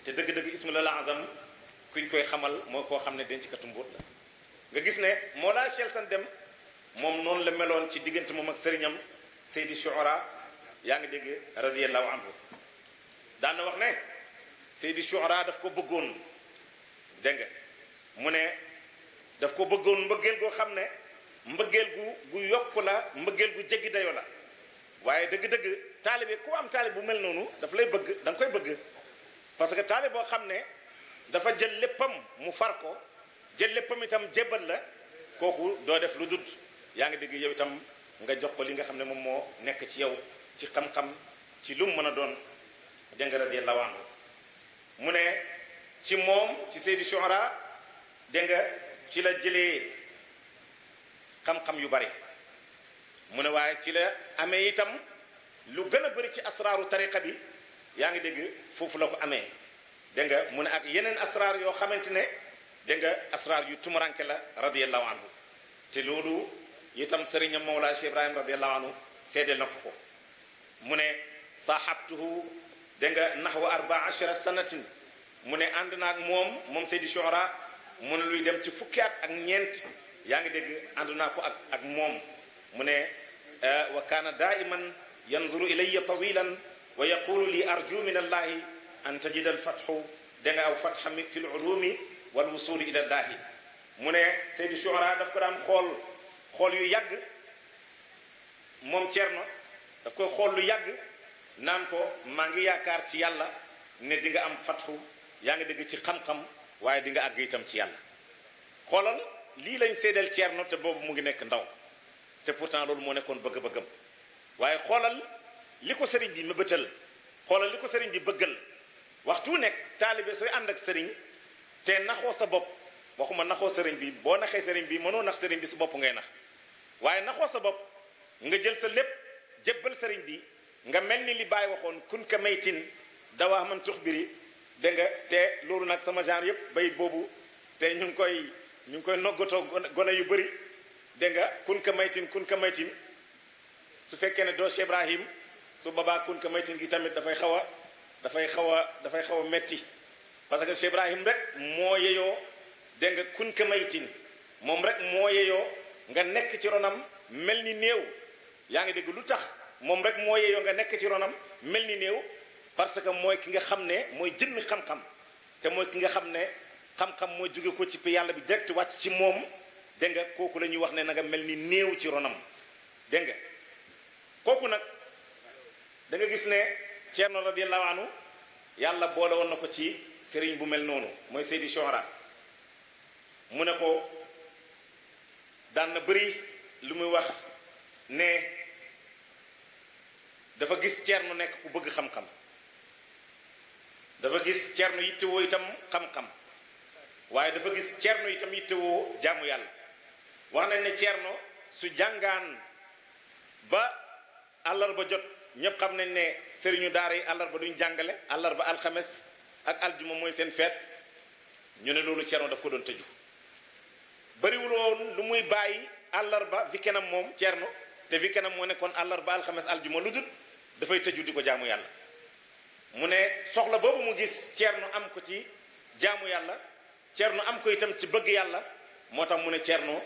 te dëgg-dëgg ismu la azam kuñ koy xamal moo koo xam ne denckatu mbuut la nga gis ne moo laa chel san dem moom noonu la meloon ci diggante moom ak sëriñam Seydi Shuara yaa ngi dégg radiyallahu anhu daan na wax ne Seydi Shuara daf ko bëggoon dégg nga mu ne daf ko bëggoon mbëggeel goo xam ne mbëggeel gu gu yokk la mbëggeel gu jéggi dayo la waaye dëgg-dëgg taalibe koo am taalibe bu mel noonu dafa lay bëgg danga koy bëgg parce que taalibe boo xam ne dafa jël léppam mu far ko jël léppam itam jébbal la kooku doo def lu dut yaa ngi dégg yow itam nga jox ko li nga xam ne moom moo nekk ci yow ci xam-xam ci lu mu mën a doon dégg nga radiyallahu anhu mu ne ci moom ci Seydi Shuara dégg nga ci la jëlee xam-xam yu bari mu ne waaye ci la amee itam lu gën a bëri ci asraaru tariqa bi yaa ngi dégg foofu la ko amee dégg nga mu ne ak yeneen asraar yoo xamante ne dégg nga asraar yu tumuranke la radiyallahu anhu te loolu itam sëriñam Mawlaa Cheikh Ibrahim radiyallahu anhu seedeel na ko ko mu ne saxabtuhu dégg nga naxwa arba ashara sanatin mu ne ànd naag moom moom Seydi Shuara mën luy dem ci fukki at ak ñeent yaa ngi dégg ànd naa ko ak ak moom mu ne eh, wa kaana daiman yanzuru ilayya tawilan wa yaqulu li arju min allahi an tajida alfatxu da nga aw fatxa mi fi lurumi wal wusuli ila llahi mu ne seydi shuara daf ko daan xool xool yu yàgg moom Thierno daf ko xool lu yàgg naan ko maa ngi yaakaar ci yàlla ne di nga am fatxu yaa ngi dégg ci xam waaye di nga àgg itam ci yàlla xoolal lii lañ seedeel Ceerno te boobu mu ngi nekk ndaw te pourtant loolu moo nekkoon bëgg-bëggam waaye xoolal li ko sëriñ bi ma mëbëtal xoolal li ko sëriñ bi bëggal waxtu nekk taalibe sooy ànd ak sëriñ te naxoo sa bopp waxuma naxoo sëriñ bi boo naxee sëriñ bi mënoo nax sëriñ bi sa bopp ngay nax waaye naxoo sa bopp nga jël sa lépp jébbal sëriñ bi nga mel ni li bàyyi waxoon kun ka maytin dawaa man tux biri dégg nga te loolu nag sama genre yëpp bayit boobu te ñu ngi koy ñu ngi koy noggatoo gone yu bëri dégg nga kun ka maytin kun su fekkee ne doo Cheikh Ibrahim su babaa kun ka maytin gi tamit dafay xaw a dafay xaw a dafay xaw a metti parce que Cheikh Ibrahim rek moo yeyoo dégg nga kun maytin moom rek moo yeyoo nga nekk ci ronam mel ni néew yaa ngi dégg lu tax moom rek moo yeyoo nga nekk ci ronam mel ni néew parce que mooy ki nga xam ne mooy jëmmi xam-xam te mooy ki nga xam ne xam-xam mooy jóge ko ci pi yàlla bi direct wàcc ci moom dégg nga kooku la ñuy wax ne nanga mel ni néew ci ronam dégg nga kooku nag danga gis ne Ceerno radiyallahu anhu yàlla boole na ko ci sëriñ bu mel noonu mooy Seydi Sohra mu ne ko daan na bëri lu muy wax ne dafa gis Ceerno nekk ku bëgg xam-xam dafa gis cernu yittewoo itam xam-xam waaye dafa gis cernu itam yittewoo jaamu yàlla wax nañ ne cerno su jàngaan ba àllarba jot ñëpp xam nañ ne sëriñu daara yi àllarba duñ jàngale àllarba alxames ak aljuma mooy seen feet ñu ne loolu cerno daf ko doon tëju bëriwuloon lu muy bàyyi àllarba fi kanam moom cerno te fi kanam moo nekkoon àllarba alxames aljuma lu dul dafay tëju di ko jaamu yàlla mu ne soxla boobu mu gis nu am ko ci jaamu yàlla nu am ko itam ci bëgg yàlla moo tax mu ne Thierno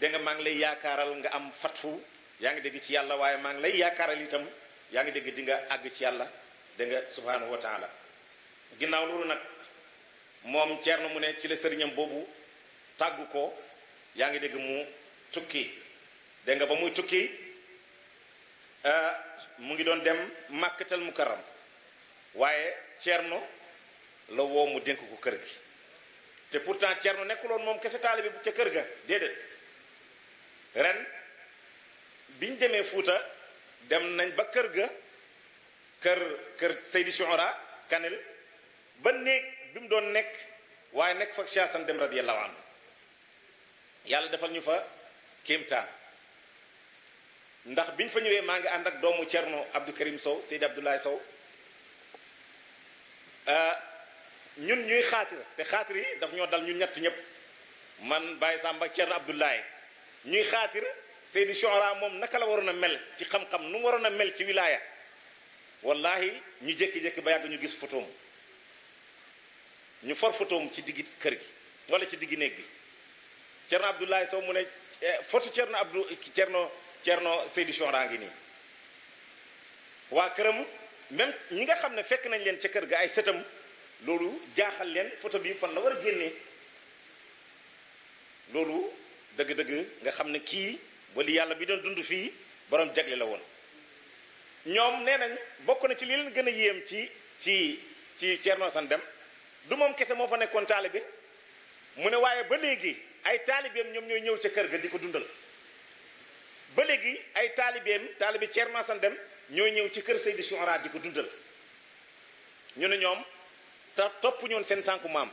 da nga maa ngi lay yaakaaral nga am fatfu yaa ngi dégg ci yàlla waaye maa ngi lay yaakaaral itam yaa ngi dégg di nga àgg ci yàlla da nga subhanahu wa ginnaaw loolu nag moom Thierno mu ne ci la sëriñam boobu tàggu ko yaa ngi dégg mu tukki dégg nga ba muy tukki euh, mu ngi doon dem màkkatal mukarram waaye Thierno la woo mu dénk ko kër gi te pourtant Thierno nekkuloon moom kese taalibe bi ca kër ga déedéet ren biñ demee Fuuta dem nañ ba kër ga kër kër Seydi Souhara Kanel ba néeg bi mu doon nekk waaye nekk fa Cheikh Assane Dème radiyallahu anhu yàlla defal ñu fa kim kéemtaan ndax ñu fa ñëwee maa ngi ànd ak doomu Thierno Abdou Karim Sow Seydi Abdoulaye Sow Euh, ñun ñuy xaatir te xaatir yi daf ñoo dal ñun ñett ñëpp man Baye Samba Thierno Abdoulaye ñuy xaatir Seydi Chouara moom naka la waroon a mel ci xam-xam nu mu waroon a mel ci wilaaya wallahi ñu jékki-jékki ba yàgg ñu gis photoom ñu for photoom ci diggi kër gi wala ci diggi néeg bi Thierno Abdoulaye Sow mu ne eh, photo Thierno Abdou Thierno Thierno Seydi Chouara ngi nii waa këram même ñi nga xam ne fekk nañ leen ca kër ga ay sëtam loolu jaaxal leen photo bi fan la war a génnee loolu dëgg-dëgg nga xam ne kii wali yàlla bi doon dund fii borom jagle la woon ñoom nee nañ bokk na ci li leen gën a yéem ci ci ci Thierno Assane Dème du moom kese moo fa nekkoon taalibe mu ne waaye ba léegi ay taalibeem ñoom ñooy ñëw ca kër ga di ko dundal ba léegi ay taalibeem taalibe Thierno Assane Dème ñoo ñëw ci kër Seydi Shuara di ko dundal ñu ne ñoom te topp ñoon seen tànku maam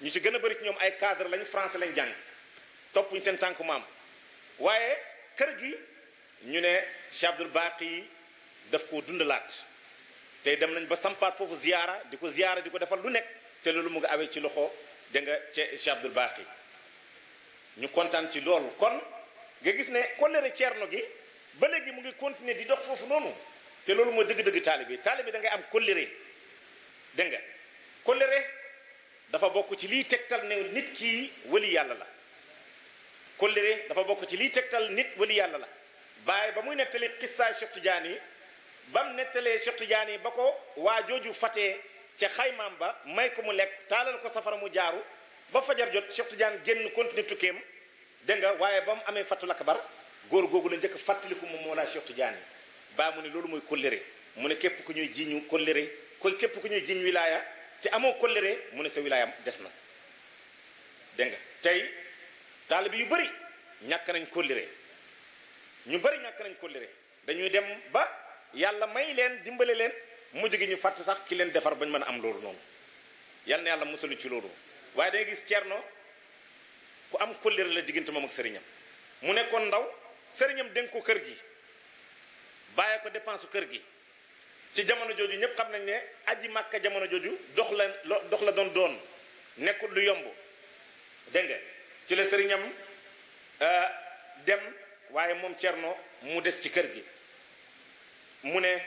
ñu ci gën a bari ci ñoom ay cadre lañ français lañ jàng toppuñ seen tànku maam waaye kër gi ñu ne Cheikh Abdoul Baqi daf koo dundalaat tey dem nañ ba sampaat foofu ziyaara di ko ziyaara di ko defal lu nekk te loolu mu nga awee ci loxo da nga ci Cheikh Abdoul ñu kontaan ci loolu kon nga gis ne kóllëre Ceerno gi ba léegi mu ngi continuer di dox foofu noonu te loolu mooy dëgg-dëgg taalibe taalibe da ngay am kóllëre dégg nga kóllëre dafa bokk ci liy tegtal ne nit kii wali yàlla la kóllëre dafa bokk ci liy tegtal nit wali yàlla la bàyyi ba muy nettali xissaay Cheikh Tidiane yi bam nettalee Cheikh Tidiane ba ko waa jooju fatee ca xaymaam ba may ko mu lekk taalal ko safara mu jaaru ba fajar jot Cheikh Tidiane génn continuer tukkeem dégg nga waaye ba mu amee fatul akbar góor googu la njëkk a fàttaliku moom Mawlaa Cheikh Tidiane baa mu ne loolu mooy kóllëre mu ne képp ku ñuy jiiñu kóllëre ko képp ku ñuy jiiñ wilaaya ci amoo kóllëre mu ne sa wilaaya des na dégg nga tey taalibe yu bari ñàkk nañ kóllëre ñu bari ñàkk nañ kóllëre dañuy dem ba yàlla may leen dimbale leen mujj gi ñu fàtt sax ki leen defar bañ mën a am loolu noonu yal na yàlla musal ñu ci loolu waaye da nga gis Ceerno ku am kóllëre la diggante moom ak sëriñam mu nekkoon ndaw sëriñam dénk ko kër gi bàyyee ko dépense kër gi ci jamono jooju ñëpp xam nañ ne aji màkka jamono jooju dox la doon doon nekkul lu yomb dégg nga ci la sëriñam euh, dem waaye moom Cerno mu des ci kër gi mu ne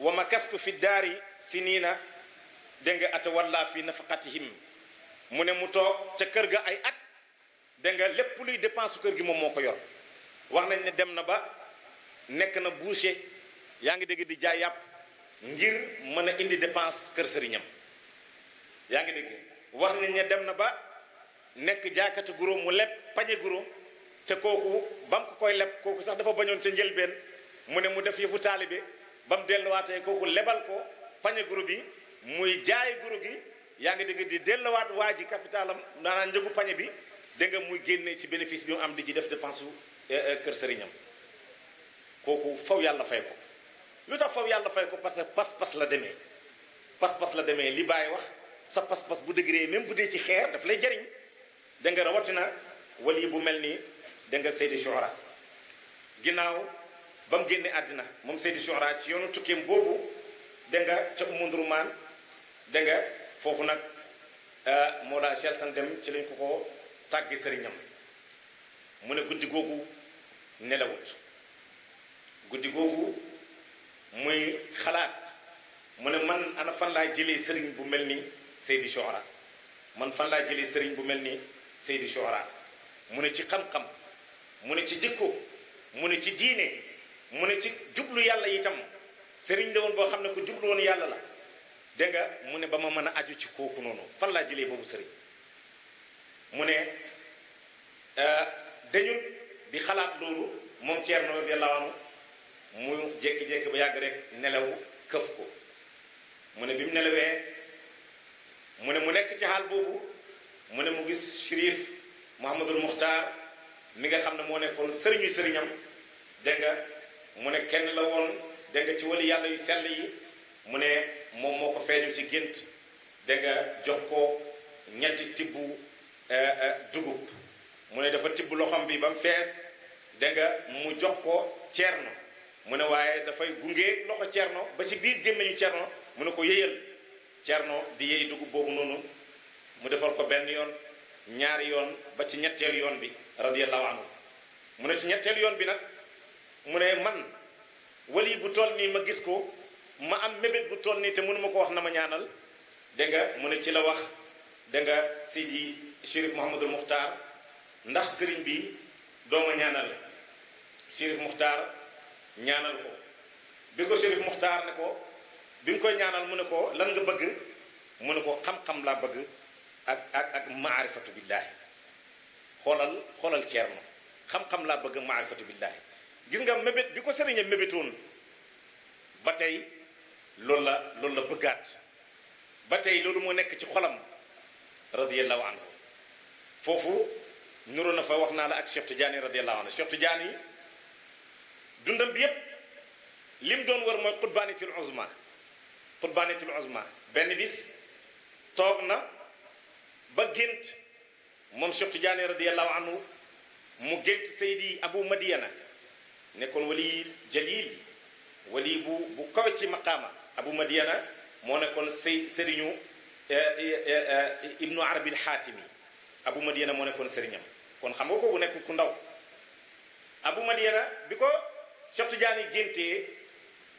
wa makastu fi daari siniina dégg nga atawalla fi nafaqatihim mu ne mu toog ca kër ga ay at dégg nga lépp luy dépense kër gi moom moo ko yor wax nañ ne dem na ba nekk na boucher yaa ngi dégg di jaay yàpp ngir mën a indi dépense kër sëriñam yaa ngi dégg wax nañ ne dem na ba nekk jaakati guro mu leb pañe guro te kooku ba mu ko koy leb kooku sax dafa bañoon ca njëlbeen mu ne mu def yëfu taalibe ba mu delluwaatee kooku lebal ko pañe guro bi muy jaay guro gi yaa ngi dégg di delluwaat waa ji capitalam maanaam njëgu pañe bi da nga muy génne ci bénéfice bi mu am di ci def dépense euh, euh, kër sëriñam kooku faw yàlla fay ko lu tax faw yàlla fay ko parce que pas-pas la demee pas-pas la demee li bàyyi wax sa pas-pas bu dëgëree même bu dee ci xeer daf lay jariñ da nga rawatina wali bu mel ni da nga Seydi Chouhra ginnaaw ba mu génne àddina moom Seydi Chouhra ci yoonu tukkeem boobu da nga ca umundrumaan da nga foofu nag euh, moo laa sel san dem ci lañ ko ko tàgge sëriñam mu ne guddi googu nelawut guddi googu muy xalaat mu ne man ana fan laa jëlee sëriñ bu mel ni Seydi Soxra man fan laa jëlee sëriñ bu mel ni Seydi Soxra mu ne ci xam-xam mu ne ci jikko mu ne ci diine mu ne ci jublu yàlla itam sëriñ la boo xam ne ko jublu woon yàlla la dégg nga mu ne ba ma mën a aju ci kooku noonu fan laa jëlee boobu sëriñ mu ne euh, dañul di xalaat loolu moom Ceerno radiyallaahu anhu mu jékki-jékki ba yàgg rek nelaw këf ko mu ne bi mu nelawee mu ne mu nekk ci xaal boobu mu ne mu gis Chérif Mouhamadul Muxtaar mi nga xam ne moo nekkoon sëriñu sëriñam dégg nga mu ne kenn la woon dégg nga ci wali yàlla yu sell yi mu ne moom moo ko feeñu ci gént dégg nga jox ko ñetti tibbu Eh, eh, dugub mu ne dafa tibb loxom bi ba mu fees dégg mu jox ko cerno mu ne waaye dafay gunge loxo cerno ba ci biir gémmiñu cerno mu ne ko yéyal cerno di yéy dugub boobu noonu mu defal ko benn yoon ñaari yoon ba ci ñetteelu yoon bi radiyallahu anhu mu ne ci ñetteelu yoon bi nag mu ne man wali bu toll nii ma gis ko ma am mébét bu toll nii te mënuma ko wax na ma ñaanal dégg nga mu ne ci la wax dégg nga Sidi Chérif Mouhamadul Muxtaar ndax sëriñ bi dooma ñaanal Chérif Muxtaar ñaanal ko bi ko Chérif Muxtaar ne ko bi nga koy ñaanal mu ne ko lan nga bëgg mu ne ko xam-xam laa bëgg ak ak ak maarifatu billaahi xoolal xoolal ma xam-xam laa bëgg maarifatu billaahi gis nga mébét bi ko sëriñam mébétoon ba tey loolu la loolu la bëggaat ba tey loolu moo nekk ci xolam radiyallahu anhu foofu nuru na fa wax naa la ak Cheikh Tidiane radiyallahu anhu Cheikh Tidiane yi dundam bi yépp lim doon wër mooy qutbaanitul uzma qutbaanitul uzma benn bis toog na ba gént moom Cheikh Tidiane radiyallahu mu gént Seydi Abu Madiyana nekkoon wali jalil wali bu bu kawe ci maqaama Abu Madiyana moo nekkoon sëy sëriñu eh, eh, eh, ibnu arabil abu madiana moo nekkoon sëriñam kon xam nga kooku nekk ku ndaw abu madiana bi ko Cheikh Tidiane géntee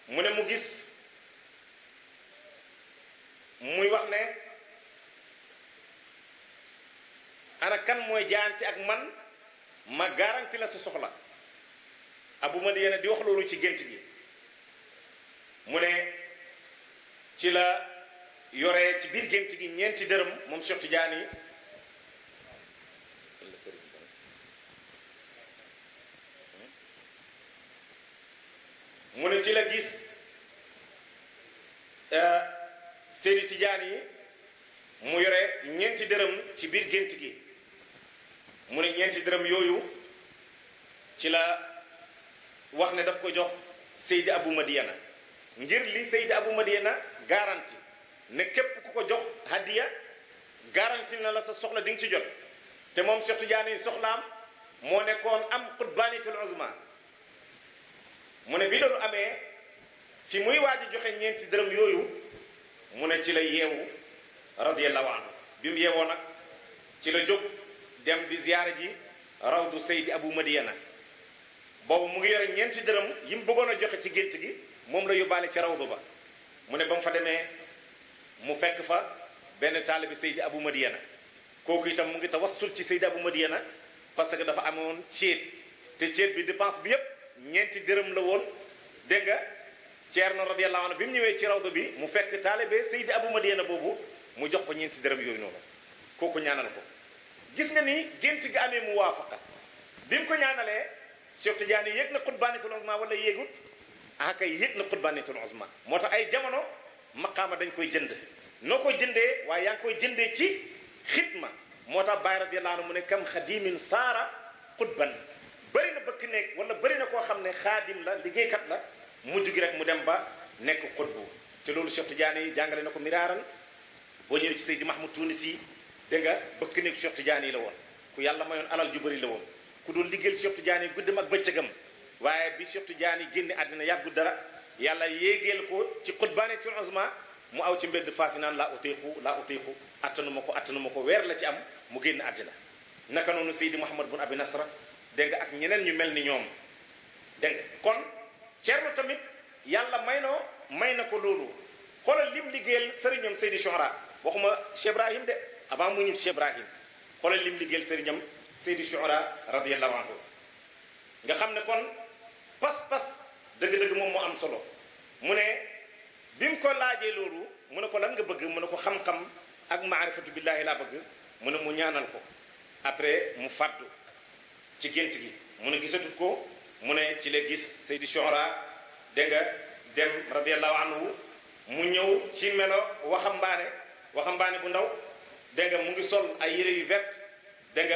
mu ne mu gis muy wax ne ana kan mooy jaante ak man ma garanti la sa soxla abu madiana di wax loolu ci gént gi mu ne ci la yore ci biir gént gi ñeenti dërëm moom Cheikh Tidiane mu ne ci la gis euh, Seydi Tijaan yi mu yore ñeenti dërëm ci biir gént gi mu ne ñeenti dërëm yooyu ci la wax ne daf ko jox Seydi Abu Madiyana ngir li Seydi Abu Madiyana garanti ne képp ku ko jox hadiya garanti na la sa soxla di nga ci jot te moom Cheikh Tidiane yi soxlaam moo nekkoon am qutbanitul uzma mu ne bi loolu amee fi muy waaj joxe ñeenti dërëm yooyu mu ne ci la yeewu radiyallahu anhu bi mu yeewoo nag ci la jóg dem di ziyaara ji rawdu seydi abu madiyana boobu mu ngi yore ñeenti dërëm yi mu bëggoon a joxe ci gént gi moom la yóbbaale ci raw rawdu ba mu ne ba mu fa demee mu fekk fa benn taalibi seydi abu na kooku itam mu ngi tawassul ci seydi abu na parce que dafa amoon céet te céet bi dépense bi yépp ñeenti dërëm la woon dégg nga Ceerno radiyallahu anhu bi mu ñëwee ci rawdo bi mu fekk taalibe Seydi Abu Madiana boobu mu jox ko ñeenti dërëm yooyu noonu kooku ñaanal ko gis nga ni gént gi amee mu waafaqa bi mu ko ñaanalee Cheikh Tidiane yëg na xutbaanitul osma wala yéegut ah kay yëg na xutbaanitul osma moo tax ay jamono maqaama dañ koy jënd noo koy jëndee waaye yaa ngi koy jëndee ci xitma moo tax Baay radiyallahu anhu mu ne kam xadimin saara xutban bari na bëkk nekk wala bëri na koo xam ne xaadim la liggéey kat la mujj gi rek mu dem ba nekk xutbu te loolu Cheikh Tidiane yi jàngale na ko miraaran boo ñëwee ci Seydi Mahmoud Tunisi da nga bëkk nekk Cheikh Tidiane yi la woon ku yàlla mayoon alal ju bëri la woon ku doon liggéeyal Cheikh Tidiane yi guddam ak bëccëg am waaye bi Cheikh Tidiane yi génne àddina yàggu dara yàlla yéegeel ko ci xutbaane ci uzma mu aw ci mbedd faas yi naan laa uteeku laa uteeku attanu ma ko attanu ma ko weer la ci am mu génn àddina naka noonu Seydi Mouhamad bun Abi Nasra dégg nga ak ñeneen ñu mel ni ñoom dégg nga kon Thierno tamit yàlla may noo may na ko loolu xoolal lim liggéeyal sëriñam Seydi Chouhra waxuma Cheikh de avant mu ñu Cheikh xoolal lim liggéeyal sëriñam Seydi Chouhra radiyallahu anhu nga xam ne kon pas-pas dëgg-dëgg moom moo am solo mu ne bi mu ko laajee loolu mu ne ko lan nga bëgg mu ne ko xam-xam ak maarifatu billahi laa bëgg mu ne mu ñaanal ko après mu fàddu ci gént gi mu ne gisatut ko mu ne ci la gis Seydi Chouhra dégg nga dem radiallahu anhu mu ñëw ci melo waxambaane waxambaane bu ndaw dégg nga mu ngi sol ay yére yu vert dégg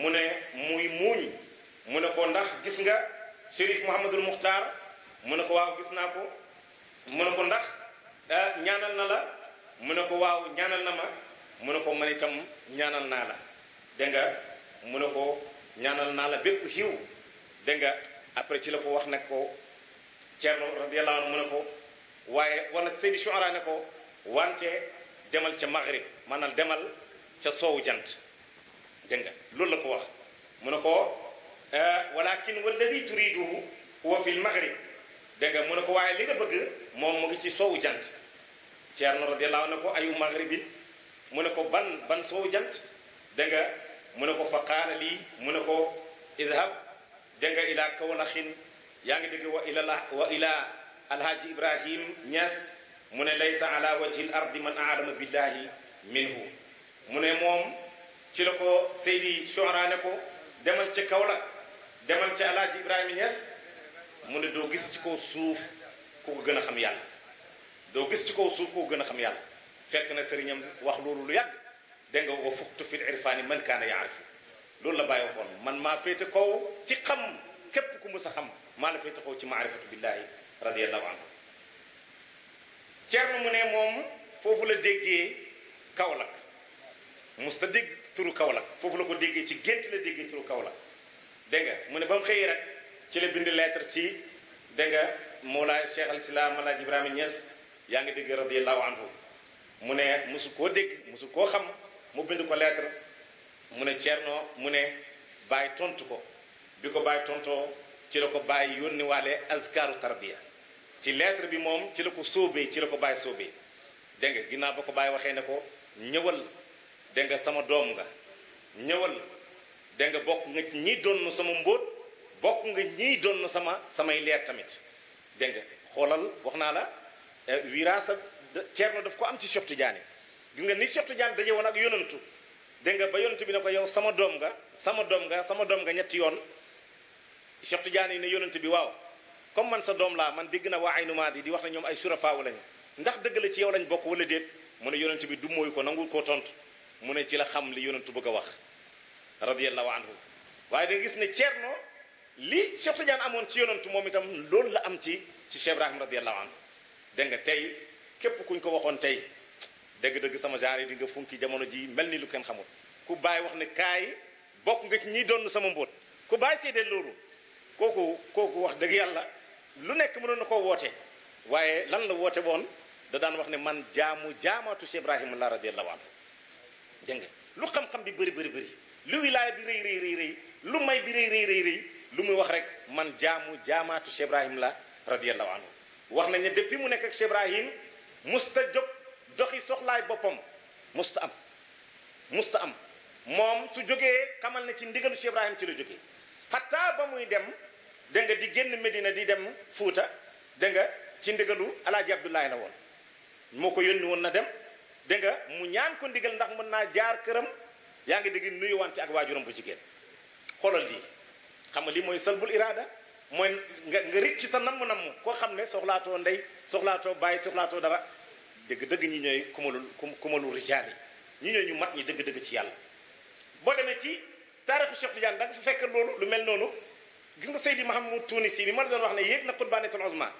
mu ne muy muuñ mu ne ko ndax gis nga Chérif Mouhamadul Muxtaar mu ne ko waaw gis naa ko mu ne ko ndax ah, ñaanal na la mu ne ko waaw ñaanal na ma mu ne ko man itam ñaanal naa la dégg mu ne ko ñaanal naa la bépp xiw dégg nga après ci la ko wax ne ko Thierno radiyallahu anhu mu ne ko waaye wala Seydi Chouara ne ko wante demal ca Maghrib maanaam demal ca soowu jant dégg nga loolu la ko wax mu ne ko eh, walakin walladi turiduhu huwa fi lmaghrib dégg nga mu ne ko waaye li nga bëgg moom mu ngi ci soowu jant Thierno radiyallahu anhu ne ko ayu maghribin mu ne ko ban ban soowu jant dégg nga mu ne ko fa qaala lii mu ne ko idhab dégg nga kawlaxin yaa ngi dégg wa ila wa ibrahim ñas mu ne laysa ala wajhi l ardi man aadama billahi minhu mu ne moom ci la ko seydi soxraane ko demal ca Kaolack demal ci alhaaji ibrahima ñas mu ne doo gis ci kaw suuf ku ko gën a xam yàlla doo gis ci kow suuf ku ko gën a xam yàlla fekk na sëriñam wax loolu lu yàgg dégg nga wa fuqtu fil irfaani man kaana yaarifu loolu la bàyyi waxoon man maa féete kaw ci xam képp ku mus a xam maa la féete kaw ci maarifatu billahi radiallahu anhu Ceerno mu ne moom foofu la déggee Kaolack musta dégg turu Kaolack foofu la ko déggee ci gént la déggee turu Kaolack dégg nga mu ne ba mu xëyee rek ci la bind lettre ci dégg nga Mawlaay Cheikh al Islam Alaaji Ibrahima Niass yaa ngi dégg radiallahu anhu mu ne musu koo dégg musu koo xam mu bind ko lettre mu ne Thierno mu ne Baye tontu ko bi ko Baye tontoo ci la ko Baye yónni waale azkaru tarbiya ci lettre bi moom ci la ko sóobee ci la ko Baye sóobee dégg nga ginnaaw ba ko Baye waxee ne ko ñëwal dégg nga sama doom nga ñëwal dégg nga bokk nga ñiy doon sama mbóot bokk nga ñiy doon sama samay leer tamit dégg nga xoolal wax naa la euh, wiraasa Thierno daf ko am ci Cheikh Tidiane gis nga ni Cheikh Tidiane daje woon ak yonantu dégg nga ba yonantu bi na ko yow sama doom nga sama doom nga sama doom nga ñetti yoon Cheikh Tidiane yi ne yonantu bi waaw comme man sa doom laa man dégg na waa ay numaat yi di wax na ñoom ay surafaawu lañu ndax dëgg la ci yow lañ bokk wala déet mu ne yonantu bi du mooyu ko nangul koo tontu mun ne ci la xam li yonantu bëgg a wax radiyallahu anhu waaye da gis ne Thierno li Cheikh Tidiane amoon ci yonantu moom itam loolu la am ci ci Cheikh Ibrahim radiyallahu anhu dégg nga tey képp kuñ ko waxoon tey dëgg-dëgg sama genre yi di nga funki jamono ji mel ni lu kenn xamul ku bàyyi wax ne kaay bokk nga ci ñiy doon sama mbóot ku bàyyi seedee loolu kooku kooku wax dëgg yàlla lu nekk mënoon na koo woote waaye lan la woote woon da daan wax ne man jaamu jaamaatu Cheikh Ibrahima la radiyallahu anhu dégg lu xam-xam bi bëri bëri bëri lu wilaaya bi rëy lu may bi rëy rëy rëy lu muy wax rek man jaamu jaamaatu Cheikh la radiyallahu anhu wax nañ mu nekk ak Cheikh musta jóg doxi soxlaay boppam musta am musta am moom su jógee xamal na ci ndigalu Cheikh Ibrahim ci la jógee xataa ba muy dem da di génn Medina di dem Fuuta da nga ci ndigalu alaaji Abdoulaye la woon moo ko yónni woon na dem da nga mu ñaan ko ndigal ndax mën naa jaar këram yaa ngi dégg nuyuwante ak waajuram bu jigéen xoolal lii xam nga lii mooy salbul iraada mooy nga nga rikki sa namm-namm koo xam ne soxlaatoo ndey soxlaatoo bàyyi soxlaatoo dara dëgg-dëgg ñi ñooy kumalul kumalul rijaali ñi ñooy ñu mag ñi dëgg-dëgg ci yàlla boo demee ci taarixu Cheikh Tidiane da nga fa fekk loolu lu mel noonu gis nga Seydi Mahamadou Tunis yi bi ma la doon wax ne yéeg na qurbaanatul uzma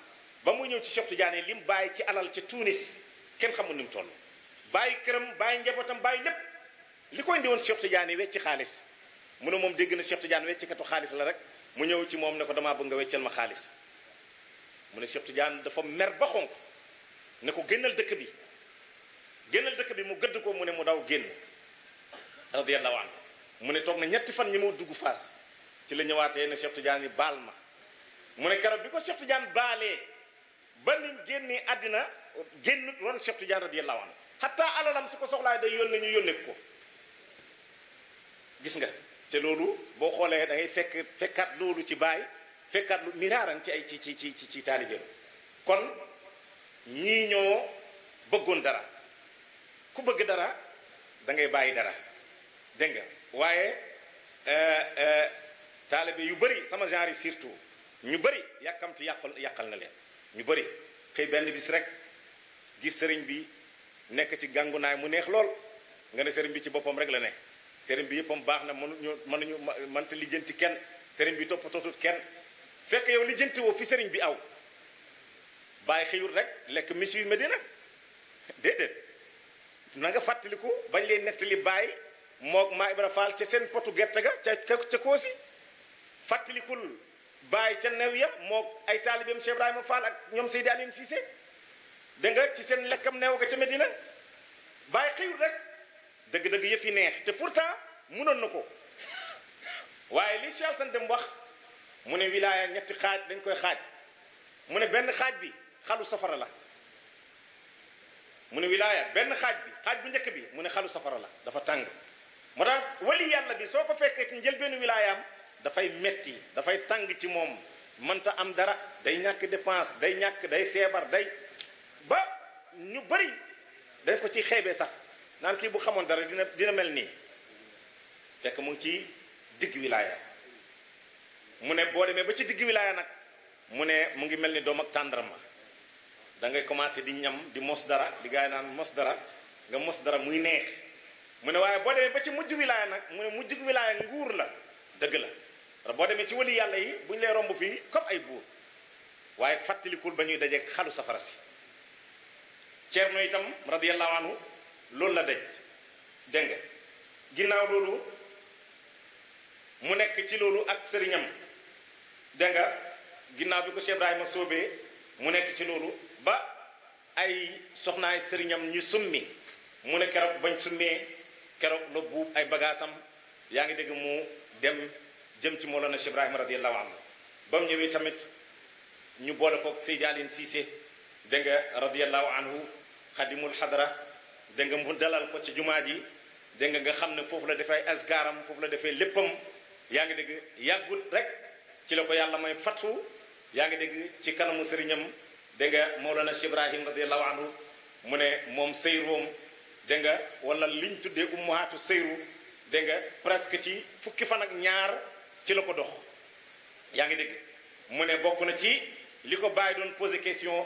ba muy ñëw ci Cheikh Tidiane li mu bàyyi ci alal ci Tunis kenn xamul ni mu toll bàyyi këram bàyyi njabootam bàyyi lépp li ko indi woon Cheikh Tidiane wecci xaalis mu ne moom dégg na Cheikh Tidiane katu xaalis la rek mu ñëw ci moom ne ko damaa bëgg nga weccal ma xaalis mu ne Cheikh Tidiane dafa mer ba xonk ne ko génnal dëkk bi génnal dëkk bi mu gëdd ko mu ne mu daw génn radiyallahu anhu mu ne toog na ñetti fan ñi moo dugg faas ci la ñëwaatee ne Cheikh Tidiane baal ma mu ne keroog bi ko Cheikh Tidiane baalee ba ni génnee àddina génn ron Cheikh Tidiane radiyallahu anhu xatta alalam su ko soxlaay day yónnee ñu yónnee ko gis nga te loolu boo xoolee dangay ngay fekk fekkaat loolu ci baay fekkaat lu miraaran ci ay ci ci ci ci taalibeem kon ñii ñoo bëggoon dara ku bëgg dara dangay bàyyi dara dégg nga waaye euh, euh, taalibe yu bari sama genre yi surtout ñu bëri yàkkamti yàqal yàqal na leen ñu bëri xëy benn bis rek gis sëriñ bi nekk ci gàngunaay mu neex lool nga ne sëriñ bi ci boppam rek la ne sëriñ bi yëppam baax na mënuñu mënuñu mënta lijjanti kenn sëriñ bi toppatootut kenn fekk yow lijjanti woo fi sëriñ bi aw bàyyi xëyul rek lekk mis yu medina déedéet na nga fàttaliku bañ leen nettali bàyyi moog maa ibra faal ca seen potu gerte ga ca ca koosi fàttalikul bàyyi ca new ya moog ay taalibeem Cheikh Ibrahima Fall ak ñoom Seydi Alioune Cissé da nga ci seen lekkam neew ga ca medina bàyyi xëyul rek dëgg-dëgg yëf yi neex te pourtant mënoon na ko waaye li Cheikh Sane dem wax mu ne wilaaya ñetti xaaj dañ koy xaaj mu ne benn xaaj bi xalu safara la mu ne wilaaya benn xaaj bi xaaj bu njëkk bi mu ne xalu safara la dafa tàng moo tax wali yàlla bi soo ko fekkee ci njëlbeenu wilaayaam dafay metti dafay tàng ci moom mënta am dara day ñàkk dépense day ñàkk day feebar day ba ñu bari dañ ko ci xeebee sax naan kii bu xamoon dara dina dina mel nii fekk mu ngi ci digg wilaaya mu ne boo demee ba ci digg wilaaya nag mu ne mu ngi mel ni doom ak tàndarma da ngay commencé di ñam di mos dara di gaay naan mos dara nga mos dara muy neex mu ne waaye boo demee ba ci mujj wilaaya nag mu ne mujj wilaaya nguur la dëgg la boo demee ci wali yàlla yi bu ñu lay romb fii comme ay buur waaye fàttalikul ba ñuy dajeeg xalu safara si Ceerno itam radiyallahu loolu la daj dégg nga ginnaaw loolu mu nekk ci loolu ak sëriñam dégg nga ginnaaw bi ko Cheikh ma soobee mu nekk ci loolu ba ay soxnaay sëriñam ñu summi mu ne keroog bañ summee keroog la buub ay bagaasam yaa ngi dégg mu dem jëm ci Mawlana Cheikh Ibrahima radiyallahu anhu ba mu ñëwee tamit ñu boole koog Seydi Aline Cissé dégg nga radiyallahu anhu xadimul xadara dégg nga mu dalal ko ci jumaa ji dégg nga nga xam ne foofu la defee askaaram foofu la defee léppam yaa ngi dégg yàggut rek ci la ko yàlla may fatu yaa ngi dégg ci kanamu sëriñam dégg nga Mawlana Cheikh Ibrahim radiallahu anhu mu ne moom sëyroom dégg nga wala liñ tuddee ummahaatu sëyru dégg nga presque ci fukki fan ak ñaar ci la ko dox yaa ngi dégg mu ne bokk na ci li ko bàyyi doon posé question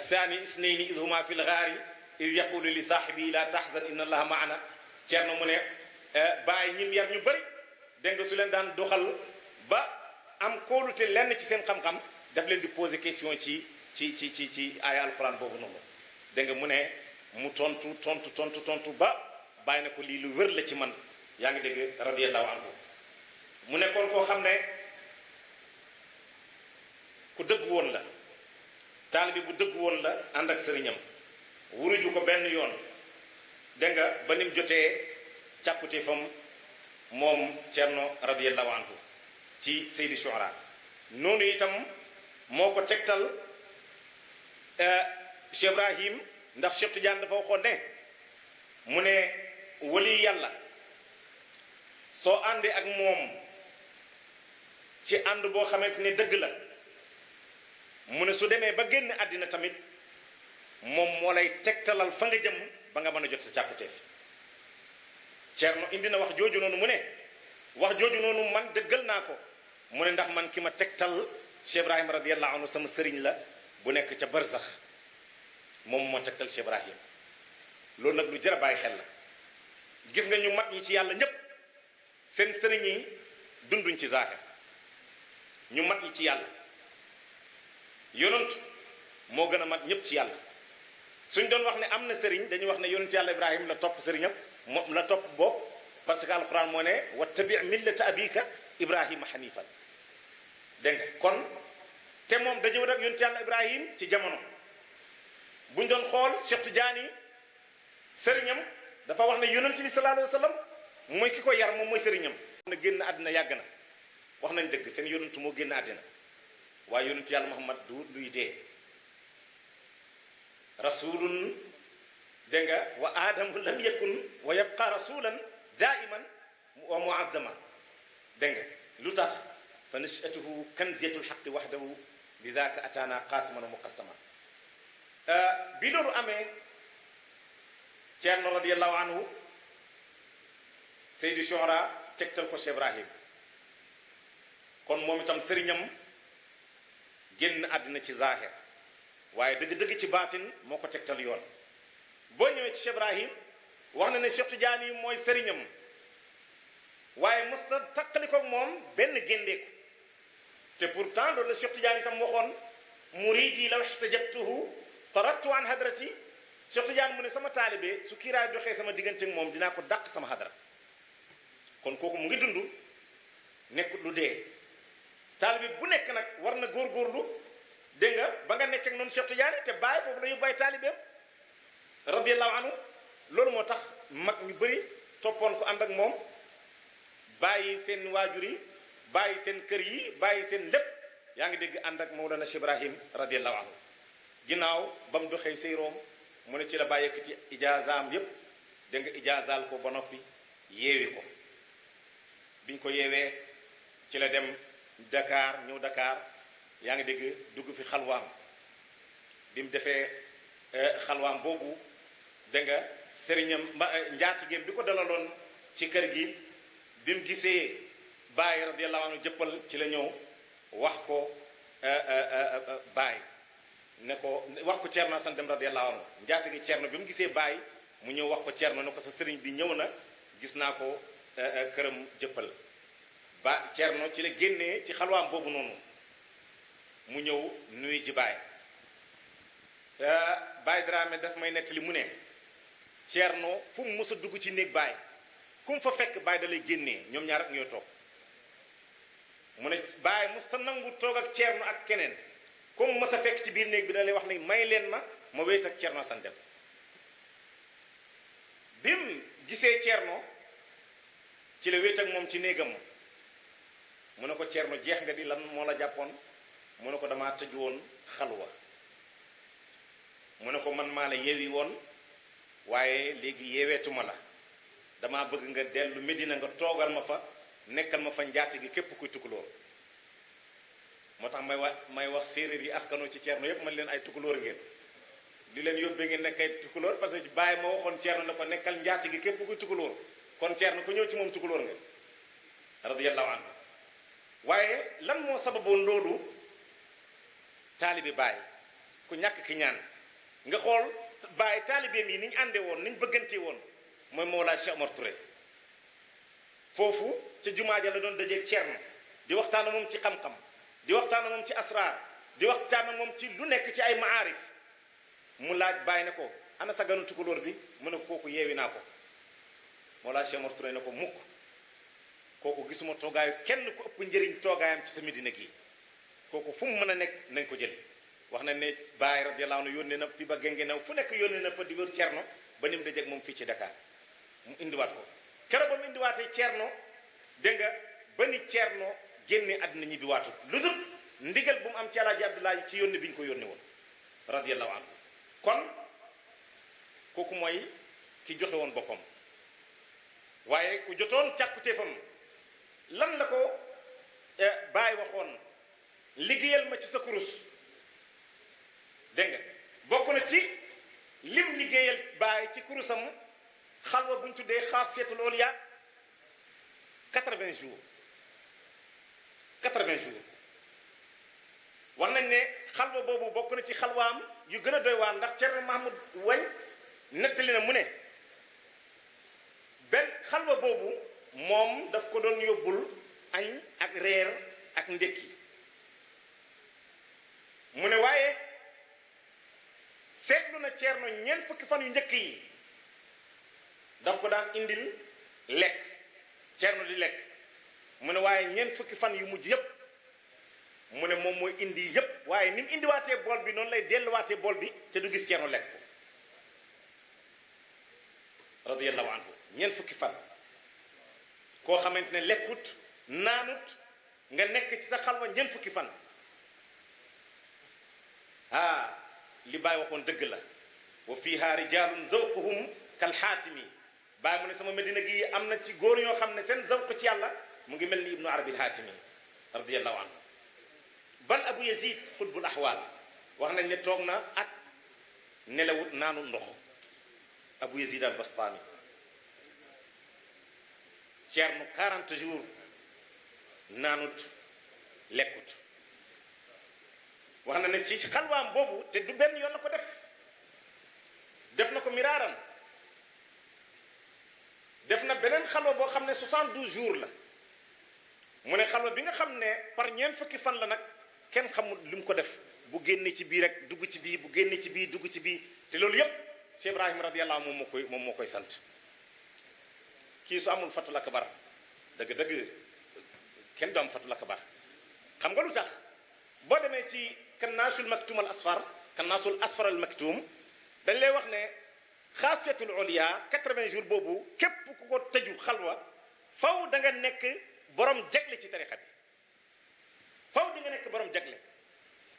saani isnayni idhuma fi lgaari id yaqulu li saahibi la tahzan inna allaha maana ceerno mu ne eh, bàyyi ñim yar ñu bëri dégg nga su leen daan doxal ba am kóolute lenn ci seen xam-xam daf leen di posé question ci ci ci ci ci ay alquran boobu noonu dégg nga mu ne mu tontu tontu tontu tontu ba bàyyi na ko lii lu wër la ci man yaa ngi dégg radiyallahu anhu mu nekkoon koo xam ne ku dëgg woon la taalibi bu dëgg woon la ànd ak sëriñam wuruju ko benn yoon dégg nga ba nim jotee càkkute fam moom Cerno radiyallahu anhu ci Seydi Shuara noonu itam moo ko tegtal Euh, Cheikh Ibrahim ndax Cheikh Tidiane dafa waxoon ne mu ne wali yàlla soo àndee ak moom ci ànd boo xamante ne dëgg la mu ne su demee ba génn àddina tamit moom moo lay tegtalal fa nga jëm ba nga mën a jot sa càppateef Thierno indi na wax jooju noonu mu ne wax jooju noonu man dëggal naa ko mu ne ndax man ki ma tegtal Cheikh Ibrahim radiyallahu anhu sama sëriñ la bu nekk ca barzax moom moo tegtal Cheikh Ibrahim loolu nag lu jar a bàyyi xel na gis nga ñu mat ñi ci yàlla ñépp seen sëriñ dunduñ ci zaaxir ñu mat ñi ci yàlla yonent moo gën a mat ñépp ci yàlla suñ doon wax ne am na sëriñ dañuy wax ne yonent yàlla Ibrahim la topp sëriñam moom la topp boobu parce que alquran moo ne wattabi millata abika Ibrahima xanifan dégg nga kon te moom dañëw rek yonent yàlla ibrahim ci jamono buñ doon xool Cheikh Tidiane yi sëriñam dafa wax ne yonent bi sallallahu alayhi mooy ki ko yar moom mooy sëriñam na génn àddina yàgg na wax nañ dëgg seen yonent moo génn àddina waaye yonent yàlla muhammad du luy dee rasulun dégg nga wa aadamu lam yakun wa yabqa rasulan daiman wa muazzama dégg nga lu tax fa nashatuhu kanziyatul xaqi waxdahu li daaka ataana qaasiman muqassama bi loolu amee Ceerno radiyallahu anhu Seydi Chouhra tegtal ko Cheikh Ibrahim kon moom itam sëriñam génn àddina ci zaahir waaye dëgg-dëgg ci baatin moo ko tegtal yoon boo ñëwee ci Cheikh Ibrahim wax na ne Cheikh Tidiane yi mooy sëriñam waaye mës na takkali ko moom benn géndeeku te pourtant loolu la Cheikh Tidiane itam waxoon murid yi law ihtajabtuhu taraktu an hadrati Cheikh Tidiane mu ne sama taalibe su kiiraay doxee sama diggante moom dinaa ko dàq sama hadara kon kooku mu ngi dund nekk lu dee taalibe bu nekk nag war na góorgóorlu dégg nga ba nga nekk ak noonu Cheikh Tidiane te bàyyi foofu la ñu bàyyi taalibeem radiyallahu anhu loolu moo tax mag ñu bari toppoon ko ànd ak moom bàyyi seen waajur yi bàyyi seen kër yi bàyyi seen lépp yaa ngi dégg ànd ak Mawlana Cheikh Ibrahim radiyallahu anhu ginnaaw ba mu doxee Seyroom mu ne ci la bàyyi ci ijaazaam yépp da nga ijaazaal ko ba noppi yeewi ko biñ ko yeewee ci la dem Dakar ñëw Dakar yaa ngi dégg dugg fi xalwaam bi mu defee eh, xalwaam boobu da nga sëriñam eh, njaatigéem bi ko dalaloon ci kër gi bi mu gisee bàyyi radiyallahu anhu jëppal ci la ñëw wax ko euh, euh, euh, bàyyi ne ko wax ko Thierno Assane Deme radiyallahu anhu njaata gi Thierno bi mu gisee bàyyi mu ñëw wax ko Thierno ne ko sa sëriñ bi ñëw na gis naa ko këram jëppal ba Thierno ci la génnee ci xalwaam boobu noonu mu ñëw nuyu ji bàyyi Baye Dramé daf may nettali mu ne Thierno fu mu mës a dugg ci néeg bàyyi ku mu fa fekk bàyyi da lay génnee ñoom ñaar ak ñooy toog mu ne bàyyi sa nangu toog ak ceerno ak keneen comme masa fekk ci biir néeg bi da lay wax ne may leen ma ma wéet ak ceerno sa Deme bim gisee ceerno ci la wéet ak moom ci néegam mu ne ko ceerno jeex nga di lan moo la jàppoon mu ne ko damaa tëj woon xaluwa mu ne ko man maa la yewi woon waaye léegi yeweetuma la damaa bëgg nga dellu Medina nga toogal ma fa nekkal ma fa njaati gi képp kuy tukulóor moo tax may wax may wax séeréer yi askano ci ceer ma yépp man leen ay tukulóor ngeen li leen yóbbee ngeen nekk ay tukulóor parce que bàyyi ma waxoon ceerno ne ko nekkal njaati gi képp kuy tukulóor kon na ku ñëw ci moom tukulóor ngeen radiyallahu anhu waaye lan moo sababoon loolu taalibi bàyyi ku ñàkk ki ñaan nga xool bàyyi taalibeem yi ni àndee woon ni ñu woon mooy moo Cheikh Omar Touré foofu ca jumaa ja la doon dajeeg Ceerno di waxtaan moom ci xam-xam di waxtaan moom ci asraar di waxtaan moom ci lu nekk ci ay maarif mu laaj bàyyi ne ko ana sa ganu tukulóor bi mu ne ko kooku yeewi naa ko Mawlaa Cheikh Mor Touré ko mukk kooku gisuma toogaayu kenn ku ëpp njëriñ toogaayam ci sa Medina gi kooku fu mu mën a nekk nañ ko jëli wax na ne Baye radiyallahu anhu yónnee na fi ba Guinguinéo fu nekk yónnee na fa di wër Cerno ba ni mu dajeeg moom fii ci Dakar mu indiwaat ko keroog ba mu indiwaatee ceerno dégg nga ba ceer noo génne àddina ñibbi waatu lu dul ndigal bu mu am ci alaaji abdoulaye ci yónni bi ñu ko yónni woon radiyallahu anhu kon kooku mooy ki joxe woon boppam waaye ku jotoon càkkutéefam lan la ko eh, bàyyi waxoon liggéeyal ma ci sa kurus dégg nga bokk na ci lim liggéeyal bàyyi ci kurusam xalwa bu ñu tuddee xaasiyatul awliya 80 jours 80 jours wax nañ ne xalwa boobu bokk na ci xalwaam yu gën a doy waar ndax Thierno Mahmoud wañ nettali na mu ne benn xalwa boobu moom daf ko doon yóbbul añ ak reer ak ndékki mu ne waaye seetlu na Thierno ñeent fukki fan yu njëkk yi ndax ko daan indil lekk cerno di lekk mu ne waaye ñeent fukki fan yu mujj yépp mu ne moom mooy indi yépp waaye ni mu indiwaatee bool bi noonu lay delluwaatee bool bi te du gis cerno lekk ko radiyallahu anhu ñeent fukki fan koo xamante ne lekkut naanut nga nekk ci sa xalwa ñeent fukki fan ah li baay waxoon dëgg la wa fiiha rijaalun zawquhum kal xaatimi bàyyi mu ne sama medina gi am na ci góor ñoo xam ne sen seen zawq ci yàlla mu ngi mel ni ibnu arabi alhaatimi radiallahu anhu bal abu yazid xutbul ahwaal wax nañ ne toog na at nelawut naanu ndox abu yazid al bastaami ceernu 40 jours naanut lekkut wax na ne ci xalwaam boobu te du benn yoon la ko def def na ko miraaram def na beneen xalwa boo xam ne 72 jours la mu ne xalwa bi nga xam ne par ñeent fukki fan la nag kenn xamul lu mu ko def bu génnee ci bii rek dugg ci bii bu génnee ci bii dugg ci bii te loolu yépp si Ibrahima radiyallahu moom moo koy moom moo koy sant kii su amul fatul bara dëgg-dëgg kenn du am fatul akbar xam nga lu tax boo demee ci kannaasul maktum al asfar kannaasul asfar al maktum dañ lay wax ne xaasiyatul ulia 80 jours boobu képp ku ko tëju xalwa faw da nga nekk borom jagle ci tarixa bi faw di nga nekk boroom jagle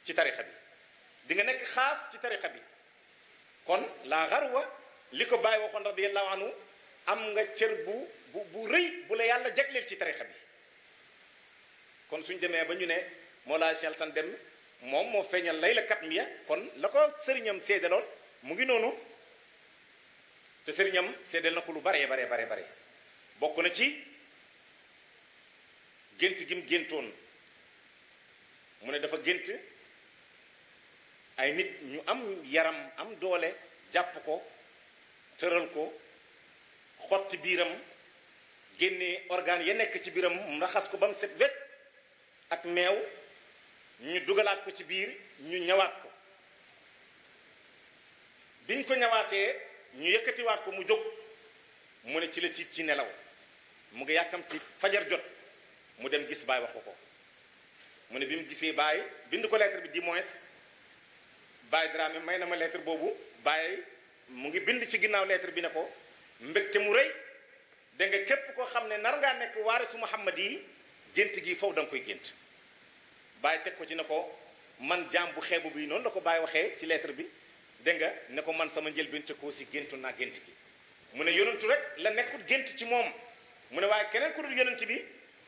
ci tarixa bi di nga nekk xaas ci tarixa bi kon la xarwa li ko bàyyi waxoon radiyallahu anhu am nga cër bu bu bu rëy bu la yàlla jagleel ci tarixa bi kon suñ demee ba ñu ne moo laa Cheikh Alassane Dème moom moo feeñal lay la kat miya kon la ko sëriñam séedaloon mu ngi noonu te sëriñam seddal na ko lu baree baree baree bare bokk na ci gént gi mu géntoon mu ne dafa gént ay nit ñu am yaram am doole jàpp ko tëral ko xotti biiram génne organe ya nekk ci biiram mu raxas ko ba mu set wet ak meew ñu dugalaat ko ci biir ñu ñawaat ko biñ ko ñawaatee ñu yëkkatiwaat ko mu jóg mu ne ci la tiit ci nelaw mu ngi yàkkamti fajar jot mu dem gis baay waxu ko mu ne bi mu gisee baay bind ko lettre bi di moins baay Dramé may na ma lettre boobu baay mu ngi bind ci ginnaaw lettre bi ne ko mbégte mu rëy da nga képp koo xam ne nar ngaa nekk waarisu Muhammad yi gént gi foofu da koy gént baay teg ko ci ne ko man jaam bu xeebu bi noonu la ko baay waxee ci lettre bi dégg nga ne ko man sama njëlbéen ca koo si géntu naa gént gi mu ne yonantu rek la nekkut gént ci moom mu ne waaye keneen ku dul yonant bi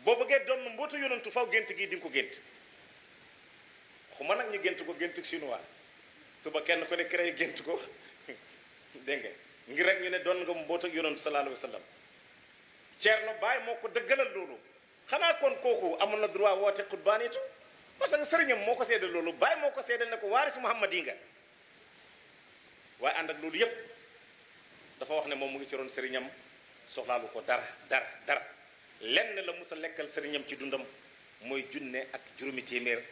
boo bëggee doon mbootu yonantu faw gént gi di nga ko gént xuma nag ñu gént ko géntu chinois suba kenn ku ne créé gént ko (laughs) dégg nga ngir rek ñu ne doon nga mbootu yonantu sallallahu alayhi wa sallam Ceerno Baay moo ko dëggalal loolu xanaa kon kooku amoon na droit woote xutbaanitu parce que sëriñam moo ko seede loolu Baay moo ko seede ne ko waaris Muhammad yi nga waaye ànd ak loolu yépp dafa wax ne moom mu ngi ci roon sëriñam soxlaalu ko dara dara dara lenn la musa lekkal sëriñam ci dundam mooy junne ak juróomi téeméer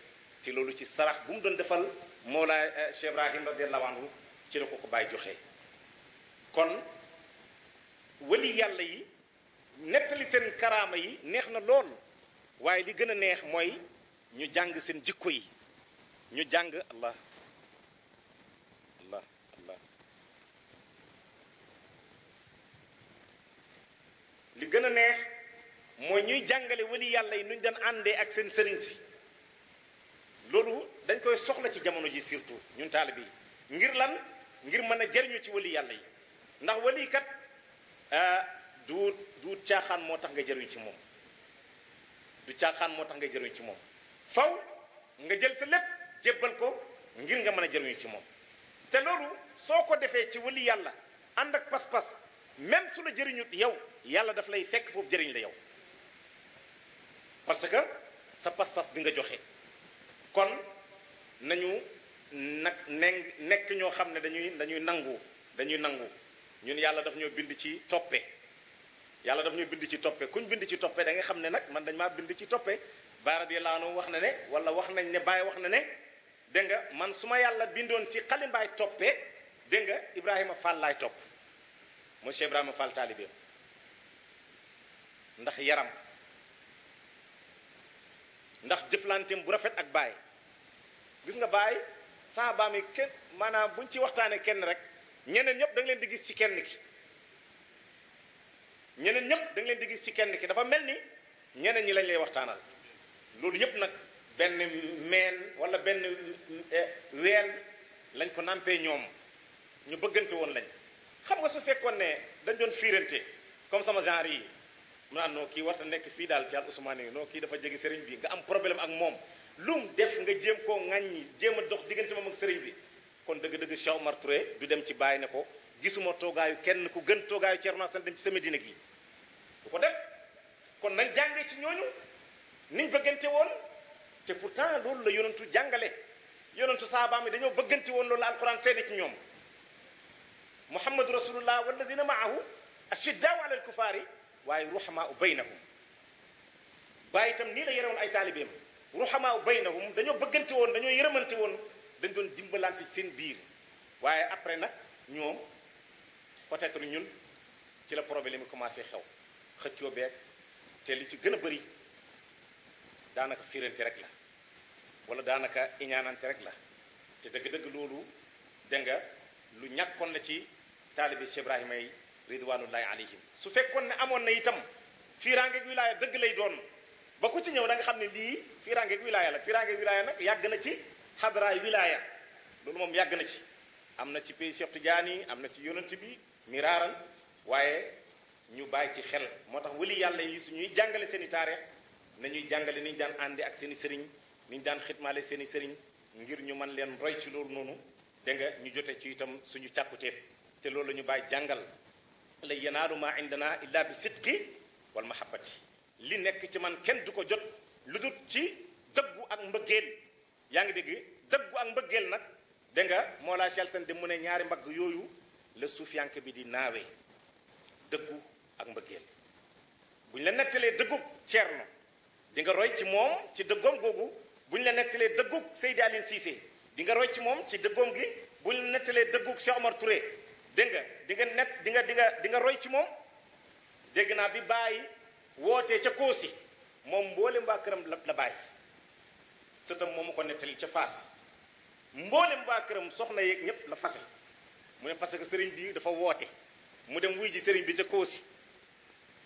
te loolu ci sarax bu mu doon defal Mawla eh, Cheikh Ibrahim radiyallahu anhu ci la ko ko bàyyi joxe kon wali yàlla yi nettali seen karaama yi neex na lool waaye li gën a neex mooy ñu jàng seen jikko yi ñu jàng allah li gën a neex mooy ñuy jàngale wali yàlla yi nuñ daan àndee ak seen sëriñ si loolu dañ koy soxla ci jamono ji surtout ñun taalibe yi ngir lan ngir mën a jariñu ci wali yàlla yi ndax wali kat ah, du du caaxaan moo tax nga jëriñ ci moom du caaxaan moo tax nga jëriñ ci moom faw nga jël sa lépp jébbal ko ngir nga mën a jëriñu ci moom te loolu soo ko defee ci wali yàlla ànd ak pas-pas même su la jëriñut yow yàlla daf lay fekk foofu jëriñ la yow parce que sa pas-pas bi nga joxe kon nañu nag nekk ñoo xam ne dañuy dañuy nangu dañuy nangu ñun yàlla daf ñoo bind ci toppe yàlla daf ñoo bind ci toppe kuñ bind ci toppee da nga xam ne nag man dañ maa bind ci toppee Baay laa noo wax na ne wala wax nañ ne Baay wax na ne dégg nga man su ma yàlla bindoon ci xalimbaay toppe dégg nga Ibrahima Fall laay topp mooy Cheikh Ibrahima Fall taalibeem ndax yaram ndax jëflanteem bu rafet ak baay gis nga baay saa baam yi kenn maanaam buñ ci waxtaanee kenn rek ñeneen ñëpp da leen di gis ci kenn ki ñeneen ñëpp da nga leen di gis ci kenn ki dafa mel ni ñeneen ñi lañ lay waxtaanal loolu yëpp nag benn meen walla benn eh, weel lañ ko nampee ñoom ñu bëggante woon lañ xam nga su fekkoon ne dañ doon fiirante comme sama genre yi mu naan noo kii war ta nekk fii daal ci al Ousmane yi noo kii dafa jege sëriñ bi nga am problème ak moom lu mu def nga jëm koo ŋàññi jéem a dox diggante moom ak sëriñ bi kon dëgg-dëgg Cheikh Omar Touré du dem ci bàyyi ne ko gisuma toogaayu kenn ku gën toogaayu Thierno Assane dem ci sa Medina gi du ko def kon nañ jàngee ci ñooñu niñ bëggante woon te pourtant loolu la yonentu jàngale yonentu saabaam yi dañoo bëggante woon loolu la alquran seede ñoom muhammadu rasulullah walladina maahu ashiddaau ala alkufaari waaye ruhamaau baynahum bàyyi itam nii la yarewoon ay taalibeem ruhamaau baynahum dañoo bëggante woon dañoo yërëmante woon dañ doon dimbalante biir waaye après nag ñoom peut-être ñun ci la problème yi commencé xew xëccoo te li ci gën a bëri daanaka firante rek la wala daanaka iñaanante rek la te dëgg-dëgg loolu dégg nga lu ñàkkoon la ci taalibi Cheikh Ibrahima yi ridwanullahi alayhim su fekkoon ne amoon na itam fiiraangeeg wilaaya dëgg lay doon ba ku ci ñëw da xam ne lii fiiraangeeg wilaaya la fiiraangeeg wilaaya nag yàgg na ci xadaraay wilaaya loolu moom yàgg na ci am na ci pays Cheikh Tidiane am na ci yonent bi miraaran waaye ñu bàyyi ci xel moo tax wali yàlla yi su ñuy jàngale seen i na ñuy jàngale ni ñu daan àndi ak seen i sëriñ ni ñu daan xitmaale seen i sëriñ ngir ñu man leen roy ci loolu noonu da nga ñu jote ci itam suñu càkkuteef te loolu la ñu bàyyi jàngal la yanaalu maa indana illa bi sidqi wal mahabbati li nekk ci man kenn du ko jot lu dul ci dëggu ak mbëggeel yaa ngi dégg dëggu ak mbëggeel nag dégg nga moo laa sel seen ñaari mbagg yooyu la suufiyanke bi di naawee dëggu ak mbëggeel bu ñu la nettalee dëggug Ceerno di nga roy ci moom ci dëggoom googu bu ñu la nettalee dëggug Seydi Aliou Cissé di nga roy ci moom ci dëggoom gi bu ñu la nettalee dëggug Cheikh Omar Touré dégg nga di nga net di nga di nga di roy ci moom dégg naa bi bàyyi wootee ca Koosi moom mboolem mbaa këram la bàyyi sëtam moomu ko nettali ca Faas mboolem waa këram soxna yeeg ñëpp la fase mu ne parce que sëriñ bii dafa woote mu dem wuy ji sëriñ bi ca Koosi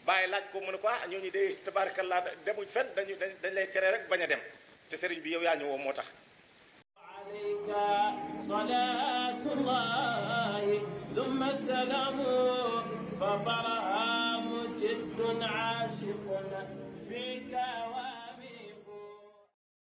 bàyyi laaj ko mu ne ko ah ñooñu de tabaarakallaa demuñ fen dañu dañ dañ lay tere rek bañ a dem te sëriñ bi yow yaa ñu moo tax. تم السلام فطلع